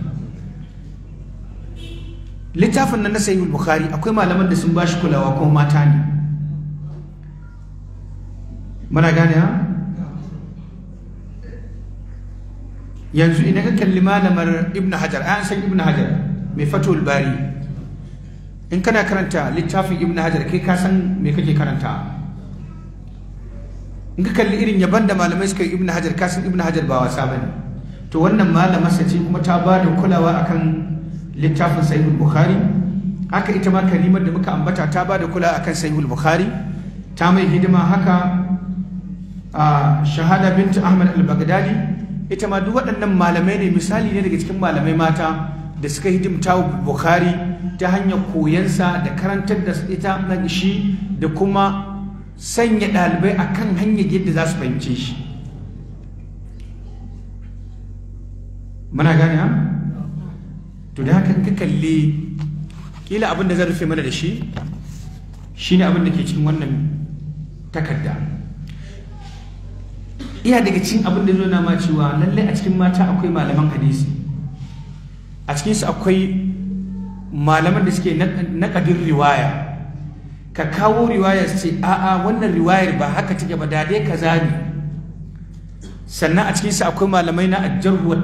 littafin nan na sayi bukhari akwai malaman da sun bashi kulawa ko mata ne muna gane ha yanzu idan ka kalli malamar ibn hajar an san ibn hajar mai fatul bari in kana karanta littafin ibn hajar kai ka san me kake karanta in ka kalli irin yaban da malamai suka yi ibn hajar kasin ibn hajar ba wasa bane to wannan malamarsa ce kuma ta ba da kulawa akan littafin sahihul bukhari haka ita ma kalimar da muka ambata ta ba da kulawa akan sahihul bukhari ta mai hidima haka a shahada bint ahmad al-baghdadi ita ma duk waɗannan malamai ne misali ne daga cikin malamai mata da suka hidimta bukhari ta hanyar koyansa da karantar da ita na shi da kuma sanya ɗalibai a kan hanyar yadda za su fahimce shi muna gane ha to da hakan ka kalli kila abin da zan rufe mana da shi ne abin da ke cikin wannan takarda iya daga cikin abin da nuna ma cewa lallai a cikin mata akwai malaman hadisi a cikinsu akwai malaman da suke naƙadin riwaya ka kawo riwaya ce a'a wannan riwayar ba haka take ba da dai kaza ne sannan a cikinsa akwai malamai na ajjarhu wa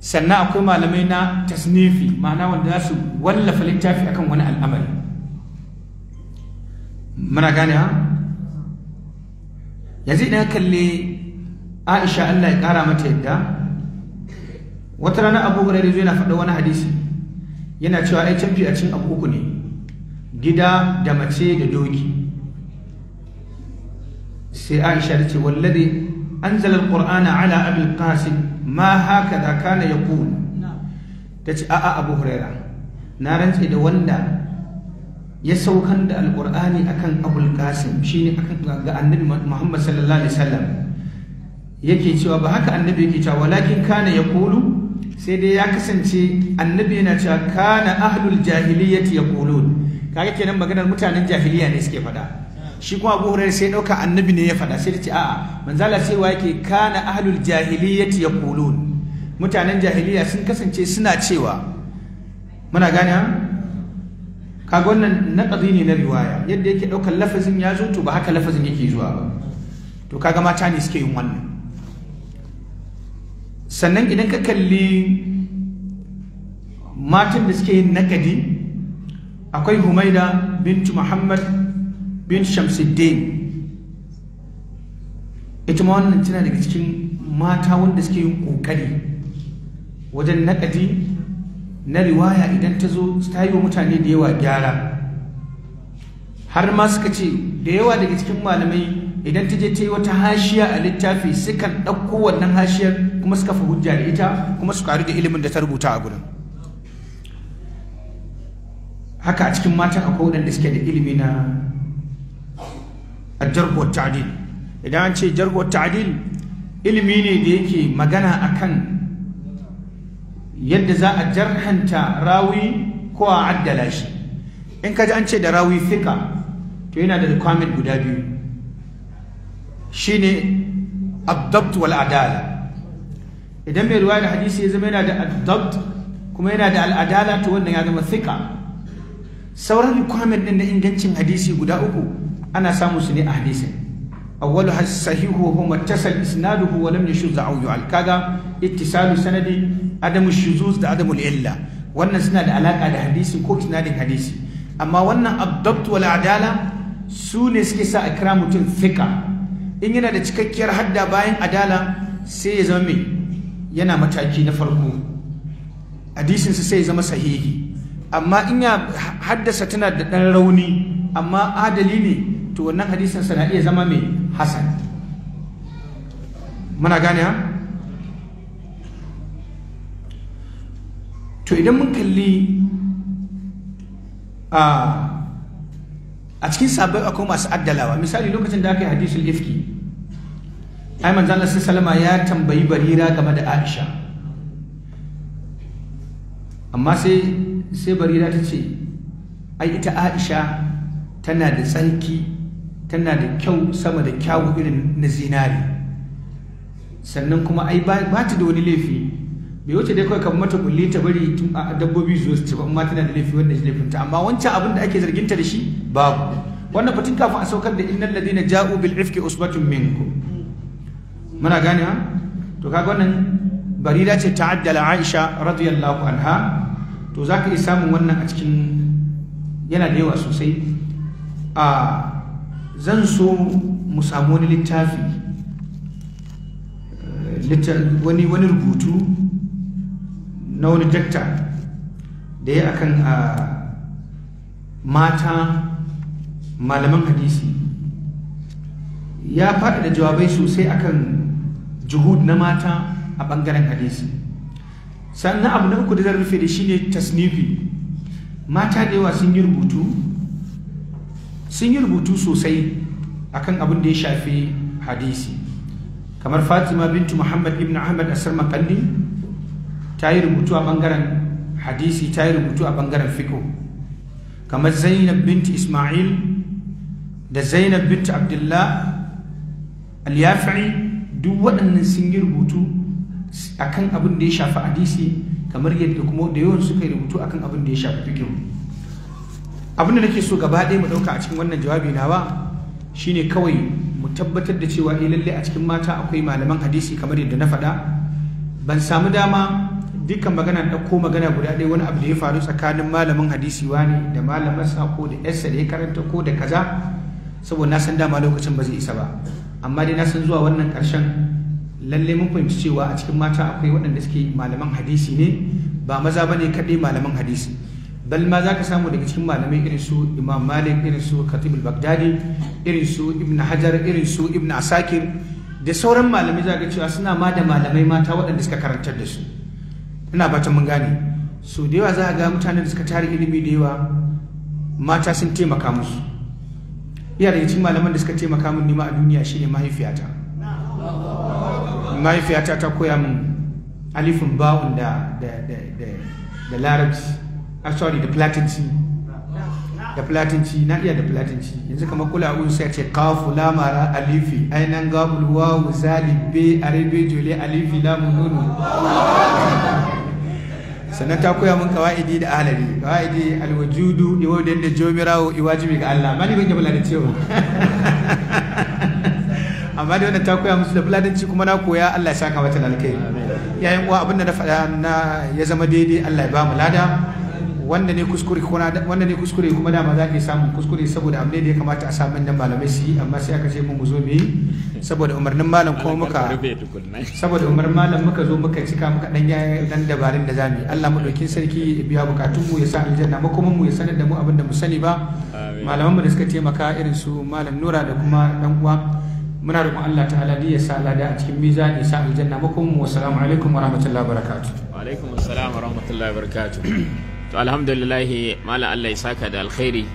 sannan akwai malamai na tasnifi ma'ana wanda za su wallafa littafi akan wani al'amari muna gane ha yanzu idan kalle aisha allah ya kara mata yadda wata rana abu hurairu zai na faɗa wani hadisi yana cewa ai canfi a cin abu uku ne gida da mace da doki sai aisha ta ce wallazi anzala alqur'ana ala abul qasim ma hakaza kana Ta ce a'a abu huraira na rantse da wanda ya saukan da alqur'ani akan abul qasim shine akan ga annabi muhammad sallallahu alaihi wasallam yake cewa ba haka annabi yake cewa walakin kana yaqulu sai dai ya kasance annabi yana cewa kana ahlul jahiliyyati yaqulun kaga kenan maganar mutanen jahiliya ne suke faɗa shi kuma Abu Hurairah sai ɗauka annabi ne ya faɗa sai ce a'a manzala sai yake kana ahlul jahiliyyati yaqulun mutanen jahiliya sun kasance suna cewa muna gane kaga wannan naqdi ne na riwaya yadda yake ɗaukar lafazin ya zo to ba haka lafazin yake zuwa ba to kaga mata ne suke yin wannan sannan idan ka kalli matan da suke yin nakadi akwai humaida bintu muhammad bin shamsuddin ita ma wannan tana daga cikin mata wanda suke yin kokari wajen naƙadi na riwaya idan ta zo ta yi wa mutane da yawa gyara har ma suka ce da yawa daga cikin malamai idan ta je ta yi wata hashiya a littafi sukan ɗauko wannan hashiyar kuma suka fi hujja da ita kuma su karu da ilimin da ta rubuta a gudun haka a cikin matan akwai waɗanda suke da ilimi na jargo ta'dil idan an ce jargo ta'dil ilimi ne da yake magana akan yadda za a jarhanta rawi ko a addala shi in ka ji an ce da rawi fika to yana da requirement guda biyu shine addabt wal adala idan mai ruwa da hadisi ya zama yana da addabt kuma yana da al'adala to wannan ya zama fika sauran requirement din na ingancin hadisi guda uku ana samu su ne a hadisin awwalu sahihu huwa isnadu isnaduhu wa lam yashuz aw yu'al kaga ittisalu sanadi adamu shuzuz da adamu illa wannan suna da alaka da hadisi ko isnadin hadisi amma wannan abdabt wal adala su ne suke sa a kira mutum thika in yana da cikakkiyar hadda bayan adala sai ya zama mai yana mataki na farko hadisinsa sai ya zama sahihi amma in ya haddasa tana da ɗan rauni amma adali ne to wannan hadisin sana iya zama mai hasan muna gane ha to idan mun kalli a cikin sabai akwai masu addalawa misali lokacin da aka yi hadisul ifki ai manzo Allah salama ya tambayi barira game da Aisha amma sai sai barira ta ce ai ita aisha tana da tsarki tana da kyau sama da kyawu irin na zinari sannan kuma ai ba ta da wani laifi bai wuce dai kawai kan mata kulle ta bari tun a dabbobi zuwa su ci ba amma tana da laifi wanda shi laifinta amma wancan abin da ake zarginta da shi babu wannan fatin kafin a saukar da innal ladina ja'u bil ifki usbatun minkum muna gane ha to kaga wannan barira ce ta ta'addala aisha radiyallahu anha to za ka iya samun wannan a cikin yana da yawa sosai a zan so mu samu wani littafi eh, wani rubutu na wani dakta da ya akan mata malaman hadisi ya faɗi da jawabai sosai akan juhud na mata a ɓangaren hadisi sannan abu na uku da zan rufe da shi ne tasnifi mata da yawa sun yi rubutu sun yi rubutu sosai akan abin da ya shafi hadisi kamar fatima bintu muhammad ibn ahmad asar makalli ta yi rubutu a ɓangaren hadisi ta yi rubutu a ɓangaren fiko kamar zainab bintu ismail da zainab bintu abdullah al-yafi'i duk waɗannan sun yi rubutu akan abin da ya shafi hadisi kamar yadda kuma da yawan suka yi rubutu akan abin da ya shafi fikihu abin da nake so gaba ɗaya mu ɗauka a cikin wannan jawabi nawa shine kawai mu tabbatar da cewa eh lalle a cikin mata akwai malaman hadisi kamar yadda na faɗa ban samu dama dukkan magana ɗauko magana guda ɗaya wani abu da ya faru tsakanin malamin hadisi wani da sa ko da yarsa da ya karanta ko da kaza saboda na san dama lokacin ba zai isa ba amma dai na san zuwa wannan karshen. lalle mun fahimci cewa a cikin mata akwai waɗanda suke malaman hadisi ne ba maza bane kaɗai malaman hadisi bal ma za ka samu daga cikin malamai irin su imam malik irin su khatib al-baghdadi irin su ibn hajar irin su ibn asakir da sauran malamai za ka cewa suna ma da malamai mata waɗanda suka karantar da su ina fatan mun gane so da yawa za ga mutanen da suka tare ilimi da yawa mata sun taimaka musu iya daga cikin malaman da suka taimaka min nima a duniya shine mahaifiyata mahaifiyata ta koya min alifin ba'un da da larabci a ah, sorry da platinci da platinci na iya da platinci yanzu kama kula un sai ce kafu lamara alifi ainihin gabul wawu zalibe arabe jole alifi lamun nunu sannan ta koya min kawaidi da ahalari kawaidi alwajudu iwo da jomirawo iwajibi ga Allah ban gaba da cewa amma da wannan ta koya musu da buladanci kuma na koya Allah ya saka mata alkhairi yayin uwa abinda na faɗa na ya zama daidai Allah ya ba mu lada wanda ne kuskure kuma wanda ne kuskure kuma dama za ka samu kuskure saboda abin da ya kamata a samu nan malamai su yi amma sai aka ce mun zo mu yi saboda umarnin malam kuma muka saboda umarnin malam muka zo muka cika muka dan dan dabarun da zamu yi Allah madaukin sarki ya biya bukatun mu ya sa aljanna kuma mu ya sanar da mu abin da mu sani ba malaman mu da suka taimaka irin su malam Nura da kuma dan uwa muna roƙon Allah ta'ala da ya sa lada a cikin mizani sa aljanna makum wa assalamu alaikum wa rahmatullahi wa barakatuh wa alaikum assalam wa rahmatullahi wa barakatuh to alhamdulillah malam Allah ya saka da alkhairi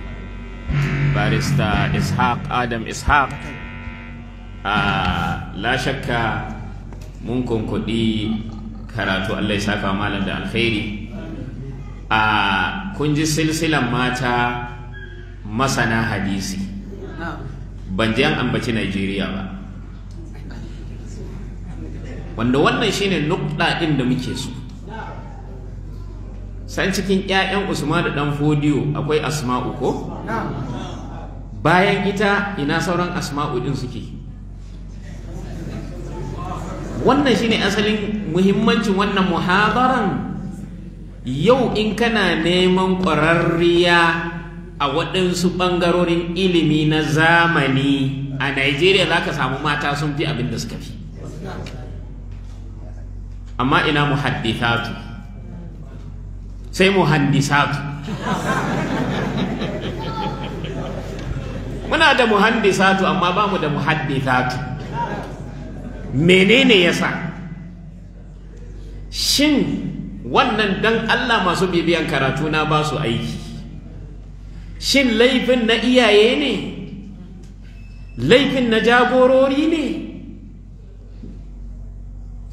barista Ishaq Adam Ishaq a ah, la shakka mun kunkuɗi karatu Allah ya saka malam da alkhairi a ah, kun ji silsilan mata masana hadisi ban je an ambaci Najeriya ba wanda wannan shine nukta ɗin da muke so san cikin 'ya'yan Usman da ɗan fodiyo akwai asma'u ko bayan ita ina sauran asma'u ɗin suke wannan shine asalin muhimmancin wannan muhabaran yau in kana neman ƙwararriya a waɗansu ɓangarorin ilimi na zamani a Najeriya za ka samu mata sun fi abin da suka fi amma ina mu muhaddithatu sai mu muhaddisatu muna da muhaddisatu amma ba mu da muhaddithatu menene ya sa shin wannan don Allah masu bibiyan karatu na ba su aiki shin laifin na iyaye ne laifin na jagorori ne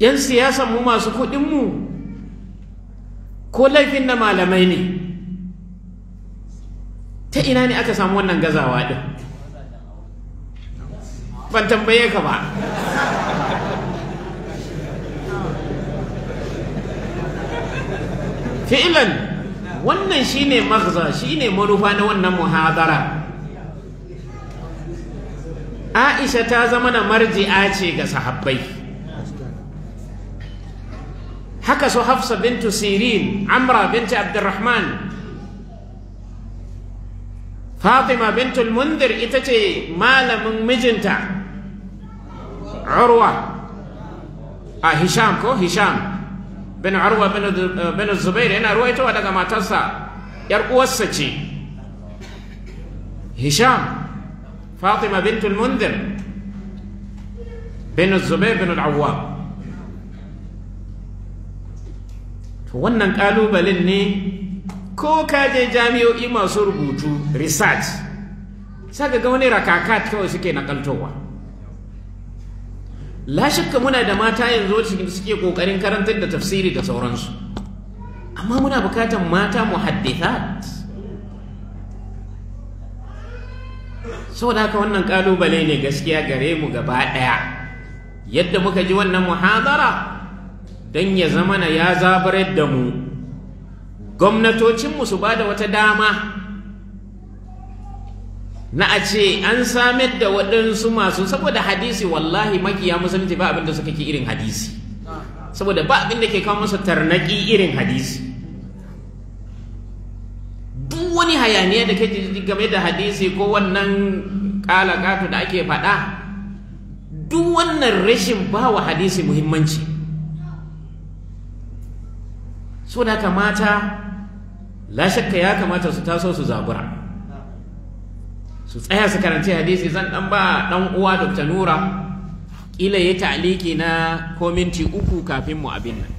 ‘yan siyasan mu masu mu ko laifin na malamai ne ta ina ne aka samu wannan gazawa ɗin ban tambaye ka ba fi'ilan wannan shine shi ne manufa na wannan muhadara Aisha ta zama na marji'a ce ga sahabbai haka su Hafsa bintu Sirin Amra binti Abdurrahman Fatima Bintu Mundir ita ce malamin mijinta Urwa a Hisham ko Hisham bin arwa eh, bin zubair yana ruwaitowa daga matarsa yar uwarsa ce hisham fatima bintul mundir bin zubair bin al'awwa to wannan ƙalubalen ne ko ka je jami'o'i masu rubutu research sai ga wani rakakat kawai suke nakaltowa la shakka muna da mata yanzu da suke kokarin karantar da tafsiri da sauransu amma muna bukatan mata muhaddithat saboda haka wannan kalubale ne gaskiya gare mu gaba daya yadda muka ji wannan muhadara don ya zamana ya zabarar da mu gwamnatocinmu su ba da wata dama na a ce an samar da waɗansu masu saboda hadisi wallahi makiya musulunci ba abinda suka ke irin hadisi saboda ba abinda ke kawo masa tarnaki irin hadisi duk wani hayaniya da ke game da hadisi ko wannan ƙala ƙato da ake faɗa duk wannan rashin ba wa hadisi muhimmanci so da kamata la shakka ya kamata su taso su zabura su tsaya su karanci hadisi zan dan ba dan uwa Dr. Nura kila ya ta'liki na ko minti uku kafin mu abin nan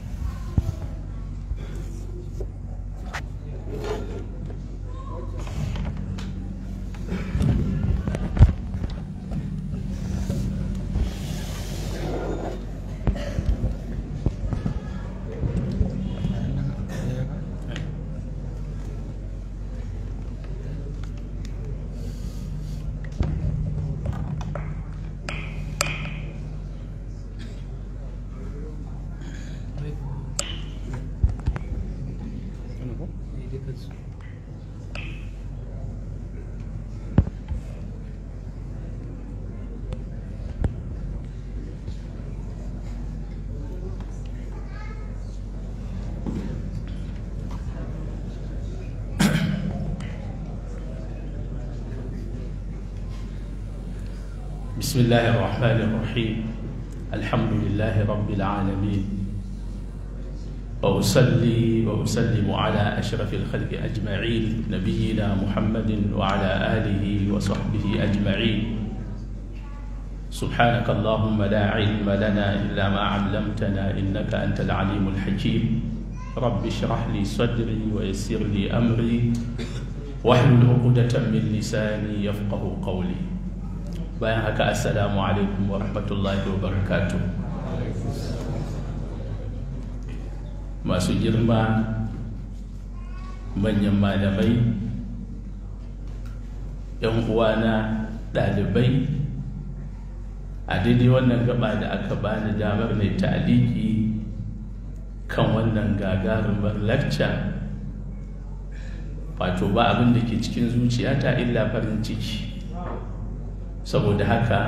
بسم الله الرحمن الرحيم الحمد لله رب العالمين وأصلي وأسلم على أشرف الخلق أجمعين نبينا محمد وعلى آله وصحبه أجمعين سبحانك اللهم لا علم لنا إلا ما علمتنا إنك أنت العليم الحكيم رب اشرح لي صدري ويسر لي أمري واحلل عقدة من لساني يفقه قولي bayan haka assalamu alaikum wa rahmatullahi wa barakatu masu girma manyan malamai yan uwana ɗalibai a daidai wannan gaba da aka bani damar ne ta kan wannan gagarumar lacca wato ba abin da ke cikin zuciyata illa farin ciki saboda haka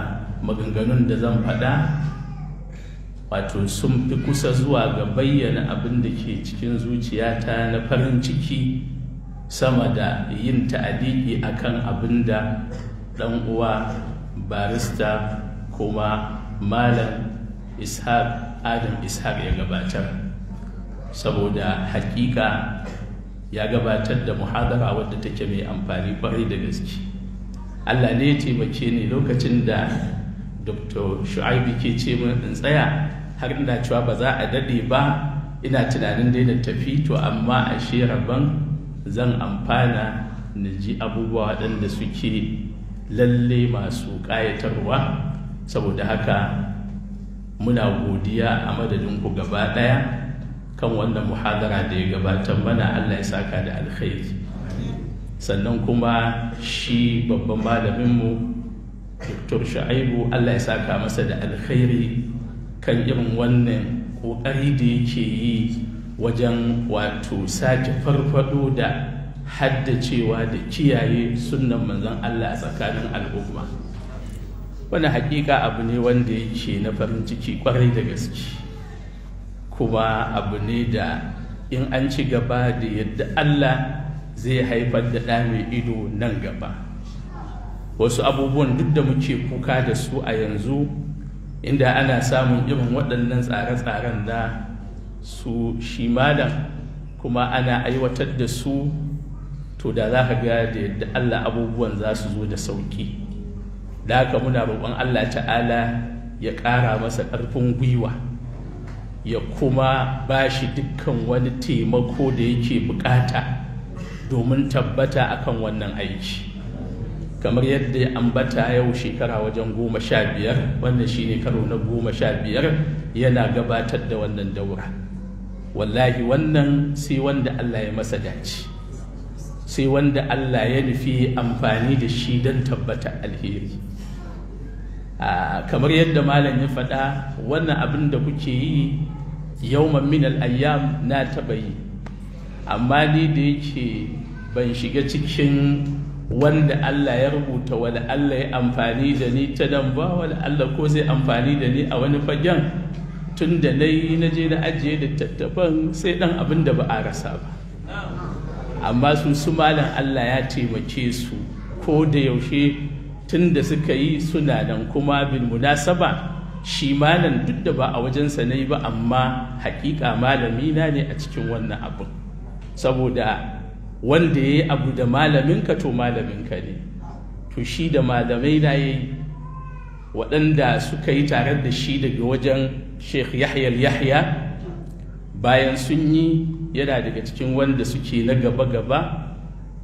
maganganun da zan faɗa wato sun fi kusa zuwa ga bayyana abin da ke cikin zuciyata na farin ciki sama da yin ta'adiki akan abin da ɗan uwa barista kuma malam ishaq adam ishaq ya gabatar saboda hakika ya gabatar da muhadara wadda take mai amfani kwarai da gaske Allah ne ya taimake ni lokacin da Dr. Shu'aibu ke ce min in tsaya har ina cewa ba za a dade ba ina tunanin daina tafi to amma ashe rabon zan amfana na ji abubuwa waɗanda suke lalle masu ƙayatarwa saboda haka muna godiya a madadin ku gaba ɗaya kan wannan muhadara da ya gabatar mana Allah ya saka da alkhairi sannan kuma shi babban malaminmu dr sha'aibu allah ya saka masa da alkhairi kan irin wannan ƙoƙari da yake yi wajen wato sake farfado da haddacewa da kiyaye sunan manzon allah a tsakanin al'umma wani hakika abu ne wanda yake na farin ciki kwarai da gaske kuma abu ne da in an ci gaba da yadda allah zai haifar da ɗa mai ido nan gaba wasu abubuwan duk da muke kuka da su a yanzu inda ana samun irin waɗannan tsare-tsaren na su shi kuma ana aiwatar da su to da za ka ga da yadda Allah abubuwan za su zo da sauƙi da haka muna roƙon Allah ta'ala ya ƙara masa ƙarfin gwiwa ya kuma ba shi dukkan wani taimako da yake buƙata domin tabbata akan wannan aiki kamar yadda ya ambata yau shekara wajen goma sha biyar wannan shine karo na goma sha biyar yana gabatar da wannan daura wallahi wannan sai wanda Allah ya masa dace sai wanda Allah ya nufi amfani da shi don tabbata alheri kamar yadda malam ya faɗa wannan abin da kuke yi yawman min al'ayyam ayyam na taɓa yi amma ni da yake ban shiga cikin wanda Allah ya rubuta wani Allah ya amfani da ni ta nan ba wani Allah ko zai amfani da ni a wani fagen tun da na yi na je na ajiye da tattafan sai dan abin da ba a rasa ba amma su su malam Allah ya taimake su ko da yaushe tun da suka yi suna nan kuma bin munasaba shi malam duk da ba a wajensa na yi ba amma hakika malami na ne a cikin wannan abin saboda wanda ya yi abu da malaminka to malaminka ne to shi da malamai na yi waɗanda suka yi tare da shi daga wajen sheikh yahya yahya bayan sun yi yana daga cikin wanda suke na gaba-gaba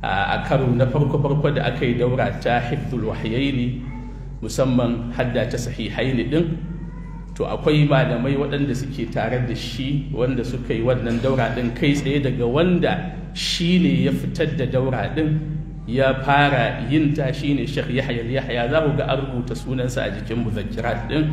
a karo na farko-farko da aka yi daura ta hifdul ne, musamman hadda ta sahihaini din to akwai malamai waɗanda suke tare da shi wanda suka yi wannan daura ɗin kai tsaye daga wanda shi ne ya fitar da daura ɗin ya fara yin ta shi ne shek yahya yahya za ku ga an rubuta sunansa a jikin muzakkirat ɗin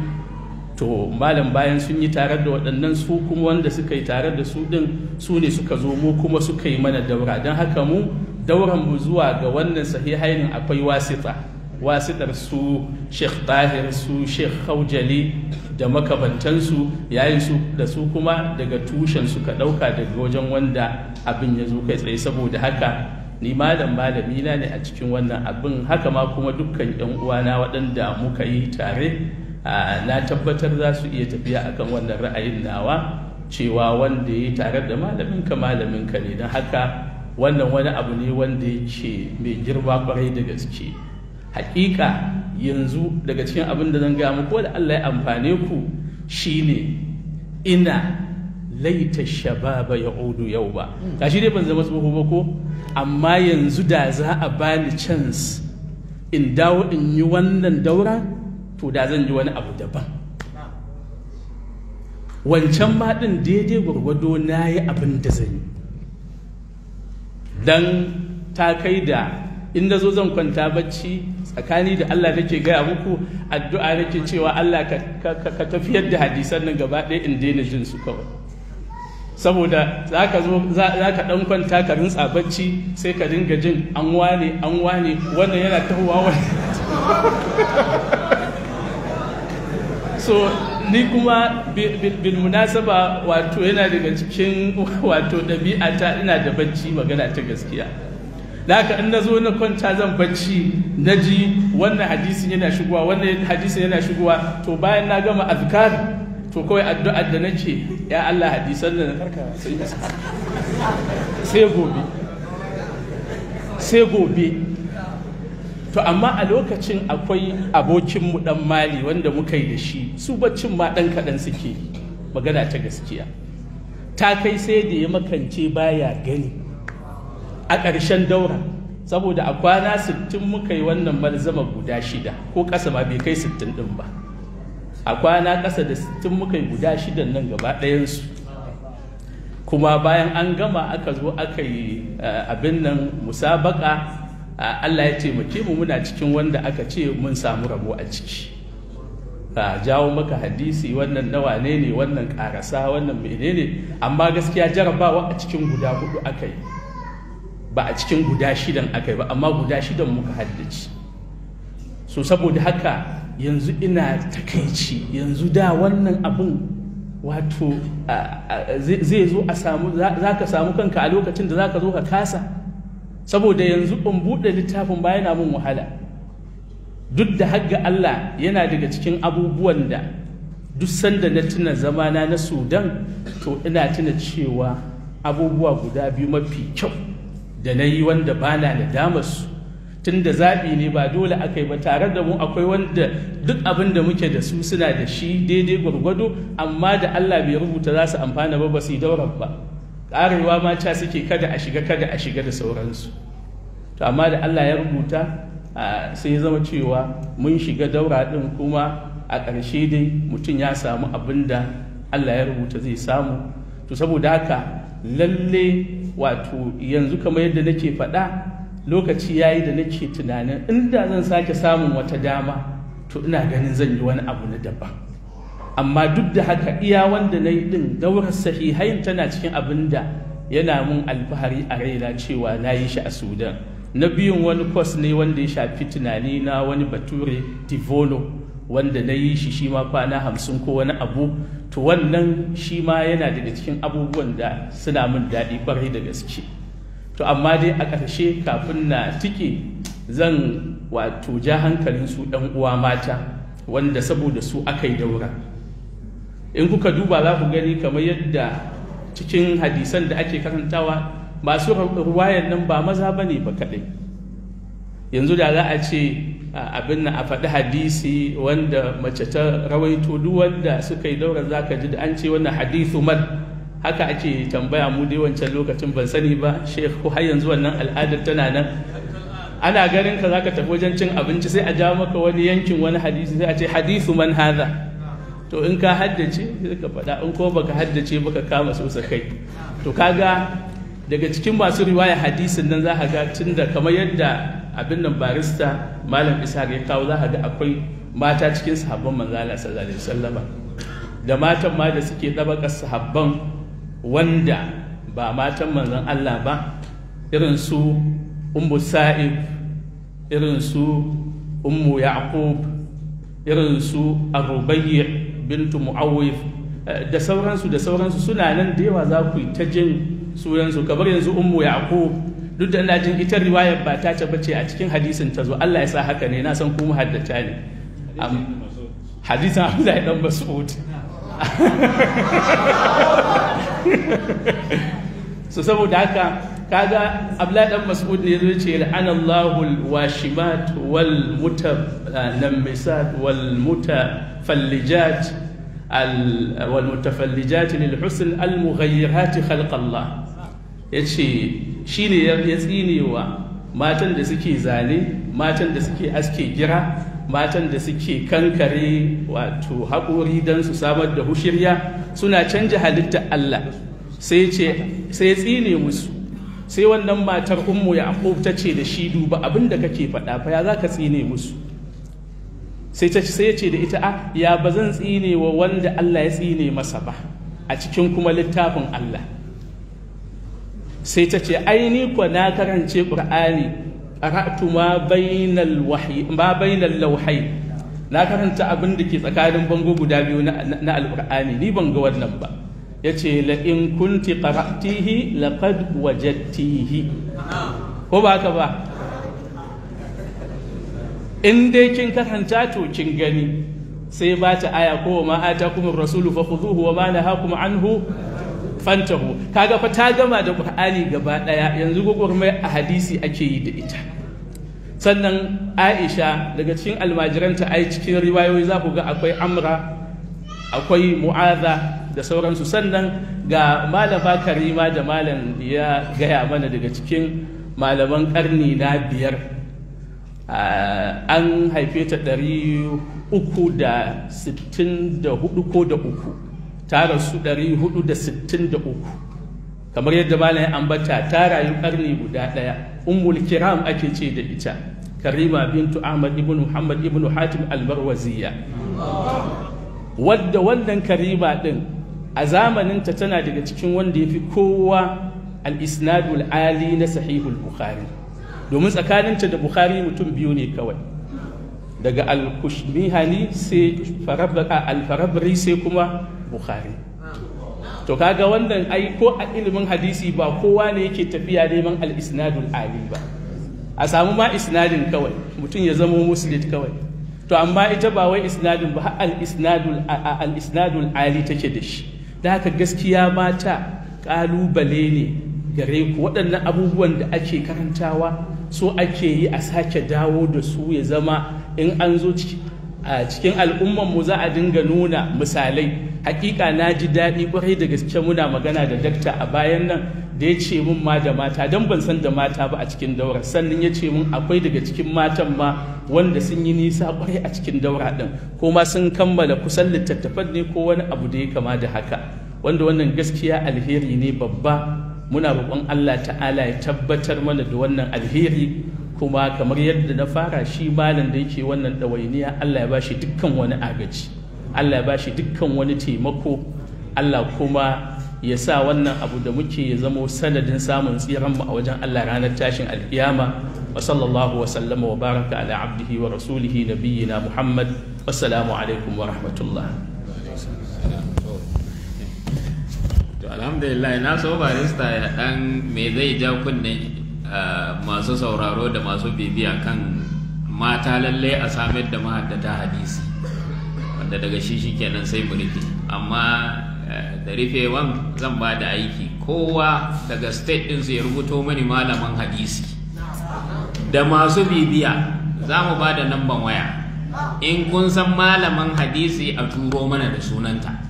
to malam bayan sun yi tare da waɗannan su kuma wanda suka yi tare da su ɗin su ne suka zo mu kuma suka yi mana daura don haka mu dauran mu zuwa ga wannan sahihainin akwai wasita wasitar su sheikh tahir su sheikh haujali da makabantansu yayi su da su kuma daga tushen suka dauka daga wajen wanda abin ya zo kai tsaye saboda haka ni malam malami na ne a cikin wannan abin haka ma kuma dukkan yan uwana waɗanda muka yi tare na tabbatar za su iya tafiya akan wannan ra'ayin nawa cewa wanda ya tare da malamin ka malamin ka ne don haka wannan wani abu ne wanda yake mai girma kwarai da gaske haƙiƙa yanzu daga cikin abin da zan gaya ko da Allah ya amfane ku shine ina laita shababa ya odu yau ba shi dai ban zama tsoho ba ko amma yanzu da za a bani chance in dawo in yi wannan daura to da zan yi wani abu daban wancan ma din daidai gwargwado na yi abin da zan yi dan ta kai da inda zo zan kwanta bacci tsakani da Allah nake gaya muku addu'a nake cewa Allah ka tafiyar da hadisan nan gaba ɗaya in daina jin su kawai saboda za ka ɗan kwanta ka rintsa bacci sai ka dinga jin an wane an wane wannan yana tahowa wani so ni kuma bil munasaba wato yana daga cikin wato ɗabi'ata ina da bacci magana ta gaskiya da haka in na zo na kwanta zan bacci na ji wannan hadisin yana shigowa wannan hadisin yana shigowa to bayan na gama azkar to kawai addu'ar da nake ya Allah hadisan da na sai gobe sai gobe to amma a lokacin akwai abokinmu dan mali wanda muka yi da shi su baccin ma dan kaɗan suke magana ta gaskiya ta kai sai da ya makance baya gani a ƙarshen daura saboda a kwana sittin muka yi wannan malzama guda shida ko ƙasa ma bai kai sittin ɗin ba a kwana ƙasa da sittin muka yi guda shidan nan gaba ɗayansu kuma bayan an gama aka zo aka yi eh, abin nan musabaka eh, Allah ya taimake mu muna cikin wanda aka ce mun samu rabo a ciki a jawo maka hadisi wannan nawa ne ne wannan karasa wannan menene amma gaskiya jarabawa a cikin guda hudu aka yi ba a cikin guda shidan aka yi ba amma guda shidan muka haddace so saboda haka yanzu ina takaici yanzu da wannan abin wato zai zo a samu za ka samu kanka a lokacin da za ka zo ka kasa saboda yanzu in buɗe littafin ba yana min wahala duk da hagga Allah yana daga cikin abubuwan da duk sanda na tuna zamana na sudan to ina tuna cewa abubuwa guda biyu mafi kyau da na yi wanda ba na nadamar su tun da zaɓi ne ba dole aka yi ba tare da mu akwai wanda duk abin da muke da su suna da shi daidai gwargwado amma da Allah bai rubuta za su amfana ba ba su yi daurar ba ƙarewa ma ca suke kada a shiga kada a shiga da sauransu to amma da Allah ya rubuta sai zama cewa mun shiga daura ɗin kuma a ƙarshe dai mutum ya samu abin da Allah ya rubuta zai samu to saboda haka lalle wato yanzu kamar yadda nake faɗa lokaci ya yi da nake tunanin inda zan sake samun wata dama to ina ganin zan yi wani abu na daban amma duk da haka iya wanda na yi ɗin daurar sahihain tana cikin abin da yana mun alfahari a raina cewa na yi shi a sudan na biyun wani kwas ne wanda ya shafi tunani na wani bature divolo wanda na yi shi shi ma kwana hamsin ko wani abu to wannan shi ma yana daga cikin abubuwan da suna min daɗi ƙwarai da gaske to amma dai a ƙarshe kafin na tike zan wato ja hankalin su ɗan uwa mata wanda saboda su aka yi daura in kuka duba za ku gani kamar yadda cikin hadisan da ake karantawa masu ruwayan nan ba maza ba ne ba kaɗai yanzu da za a ce abin na a faɗi hadisi wanda mace ta rawaito duk wanda suka yi daura za ka ji da an ce wannan hadithu mad haka ake tambaya mu da wancan lokacin ban sani ba shehu har yanzu wannan al'adar tana nan ana ganin ka zaka tafi wajen cin abinci sai a ja maka wani yankin wani hadisi sai a ce hadisu man haza to in ka haddace sai ka faɗa in ko baka haddace baka kama sosa kai to kaga daga cikin masu riwaya hadisin nan za a ga tun da kamar yadda abin nan barista malam isa ya kawo za a ga akwai mata cikin sahabban manzala sallallahu alaihi wasallama da matan ma da suke ɗabakar sahabban wanda ba matan manzan Allah ba irin su ummu sa'ib irin su ummu yaqub irin su arubayyi bintu mu'awif da sauransu da sauransu suna nan da yawa za ku yi ta jin sunansu kamar yanzu ummu yaqub duk da ina jin ita riwaya ba ta taba bace a cikin hadisin ta zo Allah ya sa haka ne na san ku muhaddata ne hadisin ya dan Mas'ud so saboda haka kaga Abdullahi dan Mas'ud ne zai ce la'anallahu alwashimat wal mutanammisat wal mutafallijat والمتفلجات للحسن المغيرات خلق الله yace shine ya tsinewa matan da suke zane matan da suke aske gira matan da suke kankare wato haƙori don su samar da hushirya suna canza halittar Allah sai tsine musu sai wannan matar ummu ya ta ce da shi duba abinda kake faɗa fa za ka tsine musu sai ya ce da ita a ya ba zan tsine wa wanda Allah ya tsine masa ba a cikin kuma littafin Allah sai ta ce aini kwa na karance ƙur'ani qara'tu ma bainal wahyi na karanta abin da ke tsakanin bango guda biyu na alqur'ani ni ban ga wannan ba yace la in kunti qara'tihi laqad wajadtihi ko ba ka ba in dai kin karanta to kin gani sai ba ta aya ko ma ata kuma rasulu fa khudhuhu wa ma nahakum anhu fantahu kaga fa ta gama da qur'ani gaba daya yanzu gogormai a hadisi ake yi da ita sannan aisha daga cikin almajiranta ai cikin riwayoyi za ku ga akwai amra akwai mu'adha da sauransu sannan ga malama karima da malam ya gaya mana daga cikin malaman karni na biyar Ah, an haife ta ɗari uku da sittin da hudu ko da uku ta rasu ɗari hudu da sittin da uku kamar yadda malam ambata ta rayu karni guda ɗaya ummul kiram ake ce da ita karima bintu ahmad ibn muhammad ibn hatim almarwaziya wadda wannan karima ɗin a zamaninta tana daga cikin wanda ya fi kowa al-isnadul ali na sahihul bukhari domin tsakaninta da bukhari mutum biyu ne kawai daga al-kushmihani sai al-farabri sai kuma bukhari to kaga wannan ai ko a ilimin hadisi ba kowa ne yake tafiya neman al-isnadul ali ba a samu ma isnadin kawai mutum ya zama muslim kawai to amma ita ba wai isnadin ba al-isnadul al-isnadul ali take da shi da haka gaskiya mata kalubale ne gare ku waɗannan abubuwan da ake karantawa so ake yi a sake dawo da su ya zama in an zo a cikin al'ummanmu za a dinga nuna misalai hakika na ji daɗi kwarai da gaske muna magana da dakta a bayan nan da ya ce mun ma da mata don ban san da mata ba a cikin daura sannan ya ce mun akwai daga cikin matan ma wanda sun yi nisa ƙwarai a cikin daura ɗin ko ma sun kammala kusan littattafan ne ko wani abu da ya kama da haka wanda wannan gaskiya alheri ne babba muna roƙon Allah ta'ala ya tabbatar mana da wannan alheri kuma kamar yadda na fara shi malam da yake wannan ɗawainiya Allah ya ba shi dukkan wani agaji Allah ya ba shi dukkan wani taimako Allah kuma ya sa wannan abu da muke ya zamo sanadin samun tsiran mu a wajen Allah ranar tashin alkiyama wa sallallahu wa sallama wa baraka ala abdihi wa rasulihi nabiyina Muhammad wassalamu alaikum wa rahmatullah alhamdulillah na so barista ya dan me zai ja kunne ah, masu sauraro da masu bibiya kan mata lallai a samar da mahaddata hadisi wanda daga shi shikenan sai mu rufe amma eh, da wan zan ba da aiki kowa daga state din su ya rubuto mani malaman hadisi da masu bibiya za mu ba da namban waya in kun san malaman hadisi a turo mana da sunanta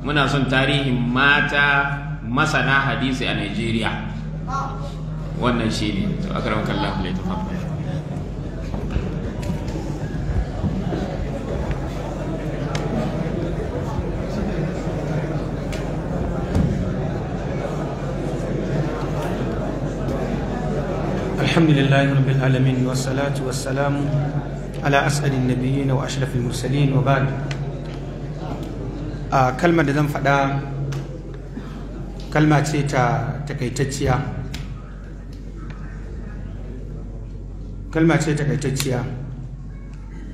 muna son tarihin mata masana hadisi a Nigeria wannan shi ne to akram kallahu la tafaddal الحمد لله رب العالمين والصلاة والسلام على أسأل النبيين وأشرف المرسلين وبعد a kalmar da zan faɗa kalma ce ta takaitacciya kalma ce takaitacciya